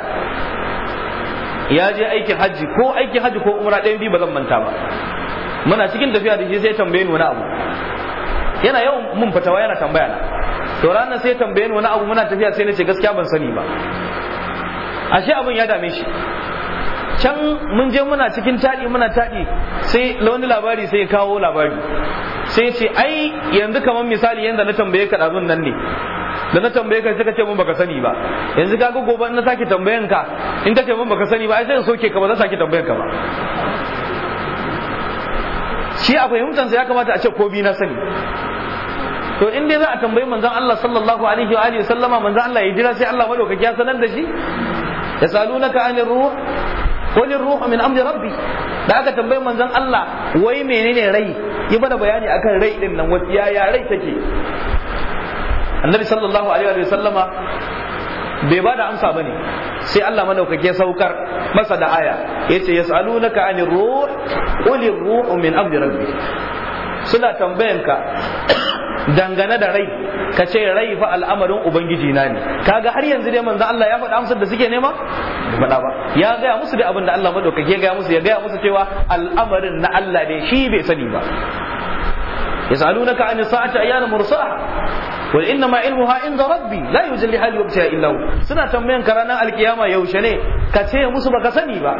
ya je aikin hajji ko aikin hajji ko umra ɗayan biyu ba zan manta ba muna cikin tafiya da shi sai tambaye ni wani abu yana yawan mun fatawa yana tambaya na to ranar sai tambaye ni wani abu muna tafiya sai na ce gaskiya ban sani ba ashe abin ya dame shi can mun je muna cikin taɗi muna taɗi sai wani labari sai ya kawo labari sai ce ai yanzu kamar misali yanda na tambaye ka ɗazun nan ne da na tambaye ka sai ka ce mun baka sani ba yanzu kaga gobe na sake tambayan ka in ka ce mun baka sani ba ai sai in soke ka ba za sake tambayan ka ba shi a fahimtansa ya kamata a ce ko bi na sani to in dai za a tambayi manzon Allah sallallahu alaihi wa alihi sallama manzon Allah ya jira sai Allah madaukaki ya sanar da shi yasalunaka anir ruh qul ruhu min amri rabbi da aka tambayi manzon Allah wai menene rai yi bada bayani akan rai din nan wasu yaya rai take annabi sallallahu alaihi wa sallama bai ba da amsa bane sai Allah madaukake saukar masa da aya yace yasalunaka anir ruh qul ruhu min amri rabbi suna tambayanka dangane da rai ka ce rai fa al'amarin ubangiji na ne kaga har yanzu dai manzo Allah ya faɗa amsar da suke nema faɗa ba ya gaya musu da abin da Allah madaukake ya gaya musu ya gaya musu cewa al'amarin na Allah ne shi bai sani ba yasalunaka an sa'ati ayyana mursaha wal inna ma ilmuha inda rabbi la yujalli hal waqtiha illa suna tambayan ka ranar alkiyama yaushe ne ka ce musu baka sani ba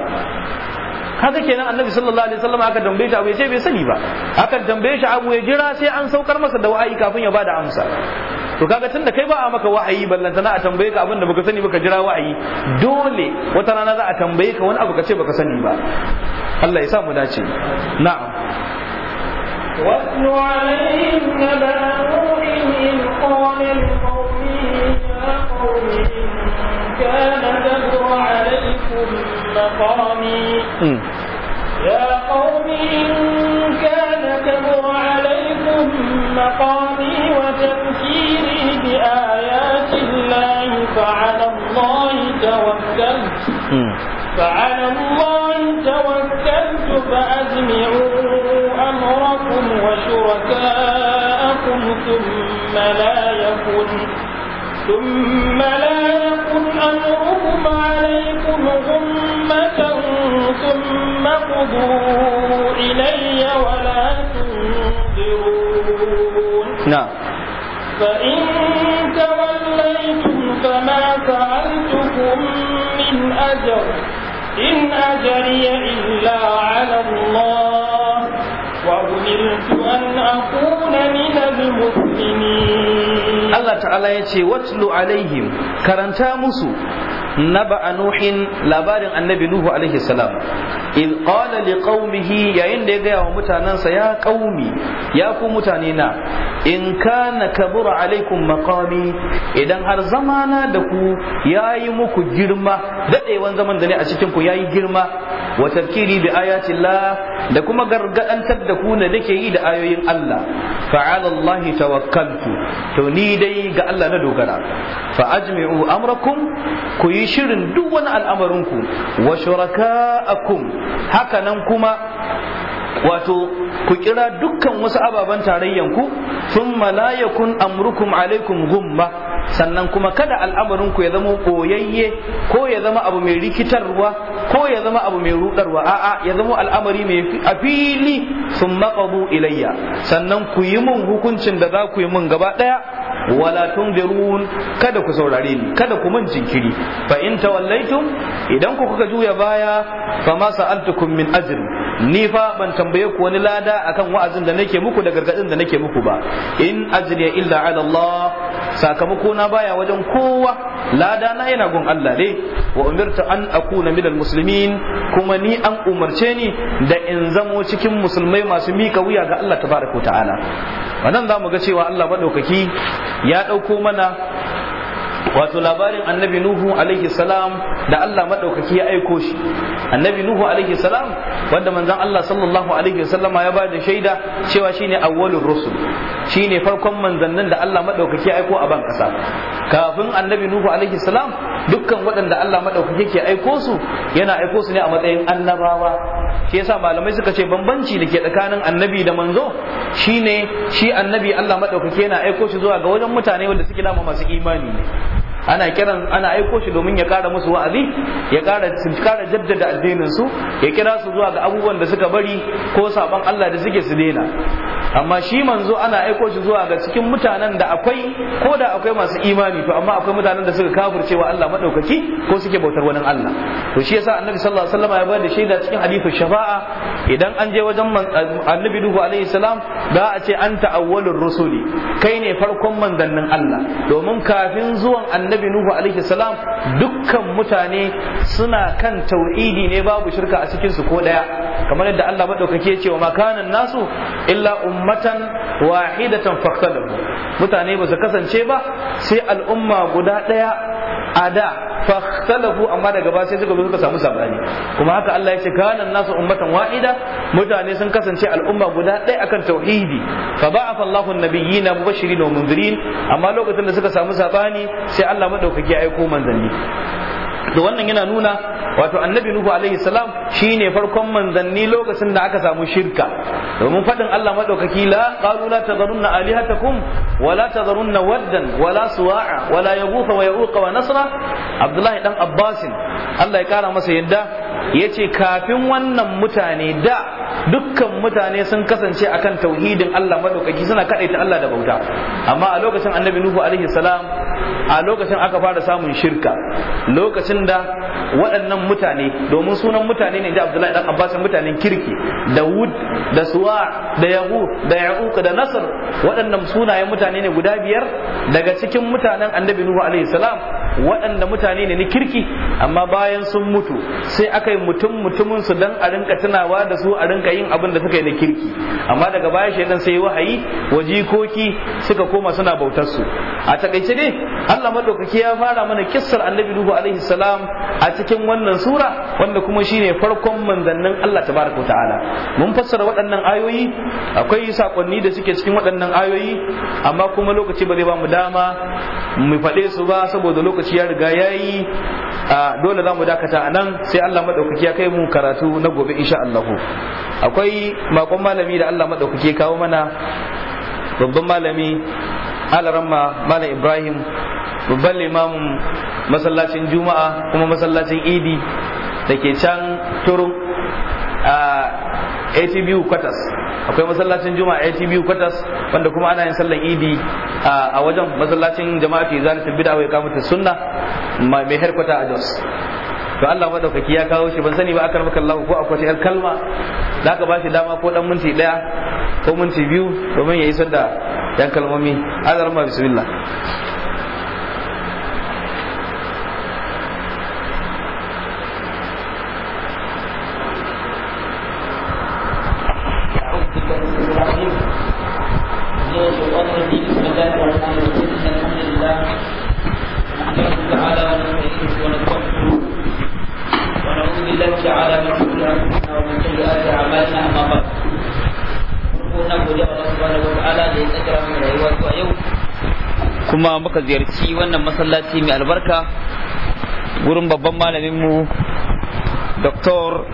kaga kenan annabi sallallahu alaihi wasallam aka tambaye shi abu ya ce bai sani ba aka tambaye shi abu ya jira sai an saukar masa da wa'ayi kafin ya bada amsa to kaga tunda kai ba a maka wa'ayi ballantana a tambaye ka abin da baka sani baka jira wa'ayi dole wata rana za a tambaye ka wani abu ka ce baka sani ba Allah ya sa mu dace na'am واتل عليهم نبأ نوح إذ قال لقومه يا قوم إن كان مقامي يا قوم إن كان كبر عليكم مقامي وتذكيري بآيات الله فعلى الله توكلت فعلى الله توكلت فأجمعوا أمركم وشركاءكم ثم لا يكن ثم لا يكن أمرهم عليكم غمة ثم قضوا إلي ولا تنظرون نعم فإن توليتم فما سألتكم من أجر إن أجري إلا على الله وأمرت أن أكون من المسلمين Allah ta'ala ya ce watlu alaihim karanta musu naba'a nuhin labarin annabi nuhu alaihi salam in qala liqaumihi yayin da ya gaya wa mutanansa ya qaumi ya ku mutane na in kana kabura alaikum maqami idan har zamana da ku yayi muku girma dadewan zaman da ne a cikin ku yayi girma wa tafkiri bi ayatillah da kuma gargadantar da ku ne nake yi da ayoyin Allah فعلى ta توكلت to ni dai ga Allah na dogara fa ajmi'u amrakum ku yi shirin duk wani al'amarinku wa shuraka'akum haka nan kuma wato ku kira dukkan wasu ababen tarayyanku thumma la yakun amrukum alaikum gumma sannan kuma kada al'amarin ku ya zama koyayye ko ya zama abu mai rikitarwa ko ya zama abu mai rudarwa a'a ya zama al'amari mai afili sun maƙabu ilayya sannan ku yi mun hukuncin da za ku yi mun gaba ɗaya wala tunzirun kada ku saurare ni kada ku man jinkiri fa in tawallaitum idan ku kuka juya baya fa ma sa'altukum min ajr ni fa ban tambaye ku wani lada akan wa'azin da nake muku da gargadin da nake muku ba in ajriya illa ala Allah sakamako na baya wajen kowa lada na yana gun Allah ne wa umirtu an akuna minal kuma ni an umarce ni da in zamo cikin musulmai masu mika wuya ga Allah tabaraka ta'ala wannan zamu ga cewa Allah madaukaki ya ɗauko mana wato labarin annabi nuhu alaihi salam da Allah maɗaukaki ya aiko shi annabi nuhu alaihi salam wanda manzon Allah sallallahu alaihi wasallama ya bada shaida cewa shine awwalur rusul shine farkon manzannin da Allah maɗaukaki ya aiko a ban kasa kafin annabi nuhu alaihi salam dukkan waɗanda Allah maɗaukaki ke aiko su yana aiko su ne a matsayin annabawa shi yasa malamai suka ce bambanci da ke tsakanin annabi da manzo shine shi annabi Allah maɗaukaki yana aiko shi zuwa ga wajen mutane wanda suke dama masu imani ne ana kiran ana aiko shi domin ya kara musu wa'azi ya kara kara jaddada addinin su ya kira su zuwa ga abubuwan da suka bari ko saban Allah da suke su daina amma shi manzo ana aiko shi zuwa ga cikin mutanen da akwai ko da akwai masu imani to amma akwai mutanen da suka kafirce wa Allah madaukaki ko suke bautar wani Allah to shi yasa annabi sallallahu alaihi wasallam ya bada shaida cikin hadithu shafa'a idan an je wajen annabi duhu alaihi salam da a ce anta awwalur rusuli kai ne farkon manzannin Allah domin kafin zuwan annabi annabi nuhu alaihi salam dukkan mutane suna kan tauhidi ne babu shirka a cikin su ko daya kamar yadda Allah madaukake ya ce wa makanan nasu illa ummatan wahidatan faqtalu mutane ba su kasance ba sai al'umma guda daya a da fa amma daga ba sai suka zo suka samu sabani kuma haka Allah ya ce kana nasu ummatan wa'ida mutane sun kasance al'umma guda ɗaya akan tauhidi fa ba'atha Allahu an-nabiyyina mubashirin wa mundirin amma lokacin da suka samu sabani sai Allah madaukaki ya aiko manzanni da wannan yana nuna wato annabi nuhu alaihi salam shine farkon manzanni lokacin da aka samu shirka domin fadin Allah madaukaki la qalu la tadharunna alihatakum wa la tadharunna waddan wa la suwa'a wa la yaghutha wa yauqa wa nasra abdullahi dan abbasin Allah ya kara masa yadda yace kafin wannan mutane da dukkan mutane sun kasance akan tauhidin Allah madaukaki suna kaɗaita Allah da bauta amma a lokacin annabi nuhu alaihi salam a lokacin aka fara samun shirka lokacin da waɗannan mutane domin sunan mutane ne da Abdullahi dan Abbas mutanen kirki da wud da suwa da yahu da ya'uq da nasr waɗannan sunayen mutane ne guda biyar daga cikin mutanen annabi nuhu alaihi salam waɗanda mutane ne ni kirki amma bayan sun mutu sai aka aka yi mutum mutumin su dan a rinka tunawa da su a rinka yin abin da suka yi na kirki amma daga baya shaidan sai wahayi wajikoki suka koma suna bautar su a takaice dai Allah madaukaki ya fara mana kissar Annabi Nuhu alaihi salam a cikin wannan sura wanda kuma shine farkon manzannin Allah tabaraka ta'ala mun fassara waɗannan ayoyi akwai sakonni da suke cikin waɗannan ayoyi amma kuma lokaci ba zai ba mu dama mu faɗe su ba saboda lokaci ya riga yayi dole za mu dakata a nan sai Allah maɗaukaki ya kai mu karatu na gobe insha Allah akwai makon malami da Allah maɗaukaki kawo mana babban malami alaramma malam ibrahim babban limamin masallacin juma'a kuma masallacin idi da ke can turu ATB kwatas akwai masallacin juma'a ATB kwatas wanda kuma ana yin sallar idi a wajen masallacin jama'a fi zalatul bid'a wa iqamatu sunna mai Kwata a Jos to Allah madaukaki ya kawo shi ban sani ba akar maka Allah ko akwai yar kalma zaka ba shi dama ko dan minti daya ko minti biyu domin ya isar da yan kalmomi ma bismillah muka ziyarci wannan masallaci mai albarka gurin babban malaminmu doktor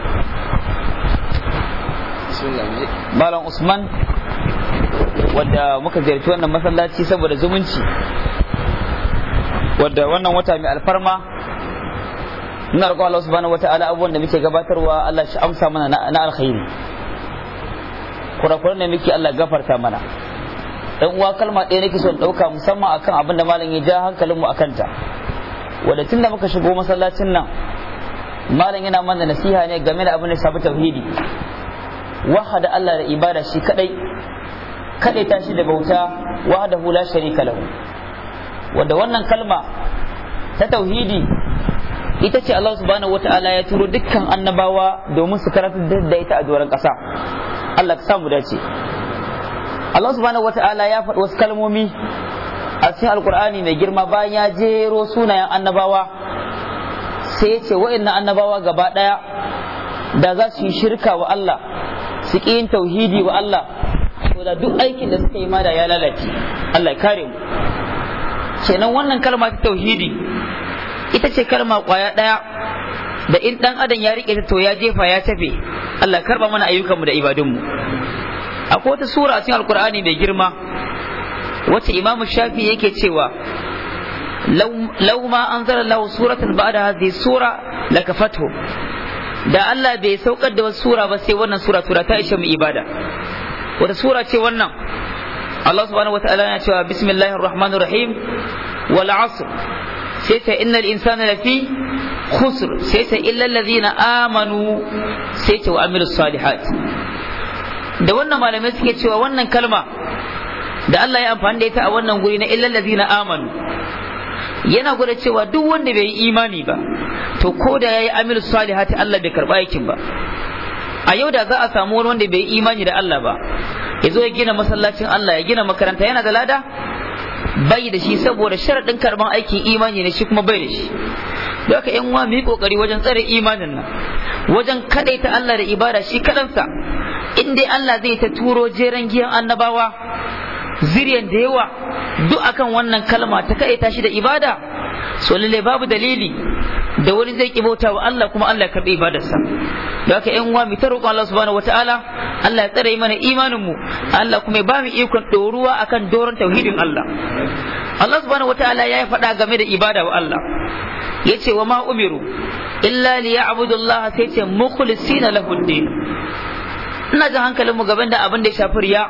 malam usman wadda muka ziyarci wannan masallaci saboda zumunci wadda wannan wata mai alfarma ina roƙo Allah subhanahu wata'ala abubuwan da muke gabatarwa Allah shi amsa mana na alkhairi kurakuran ne muke Allah gafarta mana dan uwa kalma ɗaya nake son ɗauka musamman akan abin da malam ya ja hankalinmu a kanta wanda tun muka shigo masallacin nan malam yana mana nasiha ne game da abin da shafi tauhidi wahada Allah da ibada shi kadai kadai tashi da bauta wahadahu la sharika lahu wanda wannan kalma ta tauhidi ita ce Allah subhanahu wata'ala ya turo dukkan annabawa domin su karatu da ita a doran ƙasa Allah ka samu dace Allah subhanahu wata'ala ya faɗi wasu kalmomi a cikin alkur'ani mai girma bayan ya jero sunayen annabawa sai ya ce wa'annan annabawa gaba ɗaya da za su yi shirka wa Allah su ƙi yin tauhidi wa Allah to da duk aikin da suka yi ma da ya lalace Allah ya kare mu kenan wannan kalma ta tauhidi ita ce kalma kwaya ɗaya da in ɗan adam ya riƙe ta to ya jefa ya tafe Allah karɓa mana ayyukanmu da ibadunmu akwai wata sura a cikin alkur'ani mai girma wacce imamu shafi yake cewa lauma an zara lahu suratan ba da hazi sura lakafato da Allah bai saukar da wasu sura ba sai wannan sura tura ta ishe mu ibada wata sura ce wannan Allah subhanahu wa ta'ala cewa bismillahir rahmanir rahim wal asr sai ta innal insana lafi khusr sai ta illal ladina amanu sai ta wa amilus salihat da wannan malamai suke cewa wannan kalma da Allah ya amfani da ita a wannan guri na illal ladina amanu yana gwada cewa duk wanda bai yi imani ba to ko da yayi amil salihati Allah bai karba yakin ba a yau da za a samu wani wanda bai yi imani da Allah ba ya zo ya gina masallacin Allah ya gina makaranta yana da lada bai da shi saboda sharadin karban aikin imani ne shi kuma bai da shi haka yan uwa mu yi kokari wajen tsare imanin nan wajen kadaita Allah da ibada shi kadansa in dai Allah zai ta turo jeran giyan annabawa zuriyan da yawa duk akan wannan kalma ta kai ta shi da ibada so lalle babu dalili da wani zai ki bauta wa Allah kuma Allah ya karbi ibadarsa da haka ƴan uwa mu ta roƙon Allah subhanahu wataala Allah ya tsare mana imanin mu Allah kuma ya ba mu ikon doruwa akan doron tauhidin Allah Allah subhanahu wataala ya faɗa game da ibada wa Allah yace wa ma umiru illa liya'budu Allah sai ce mukhlisina lahu din ina jin hankalin mu gaban da abin da ya shafi riya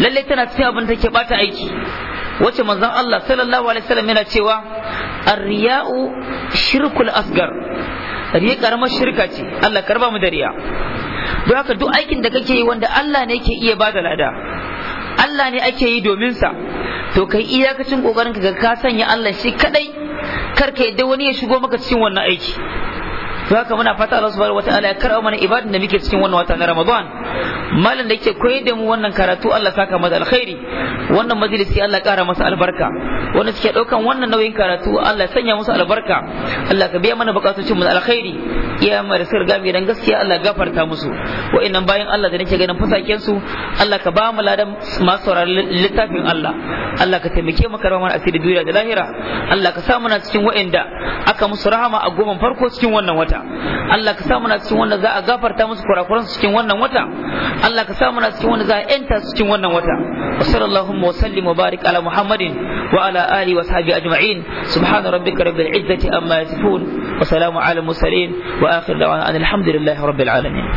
lalle tana cikin abin da take bata aiki wace manzon Allah sallallahu alaihi wasallam yana cewa ar-riya'u shirkul asgar riya karamar shirka ce Allah karba mu da riya don haka duk aikin da kake yi wanda Allah ne yake iya bada lada Allah ne ake yi domin sa to kai iyakacin kokarin ka ga ka sanya Allah shi kadai kar ka yadda wani ya shigo maka cikin wannan aiki to haka muna fata Allah subhanahu wataala ya karɓa mana ibadan da muke cikin wannan wata na Ramadan malam da yake koyar da mu wannan karatu Allah saka masa alkhairi wannan majalisi Allah ƙara masa albarka wanda suke ɗaukan wannan nauyin karatu Allah sanya musu albarka Allah ka biya mana bukatocin mu alkhairi iya mara sir gami dan gaskiya Allah gafarta musu wa'annan bayan Allah da nake ganin fasaken su Allah ka ba mu ladan masu littafin Allah Allah ka taimake mu mana asiri duniya da lahira Allah ka sa muna cikin wa'anda aka musu rahama a goma farko cikin wannan wata wata Allah ka sa muna cikin wanda za a gafarta musu kurakuran cikin wannan wata Allah ka sa muna cikin wanda za a yanta cikin wannan wata wa sallallahu wa sallim wa barik ala muhammadin wa ala ali wa sahbi ajma'in subhana rabbika rabbil izzati amma yasifun wa salamu ala mursalin wa akhir da'wana alhamdulillahi rabbil alamin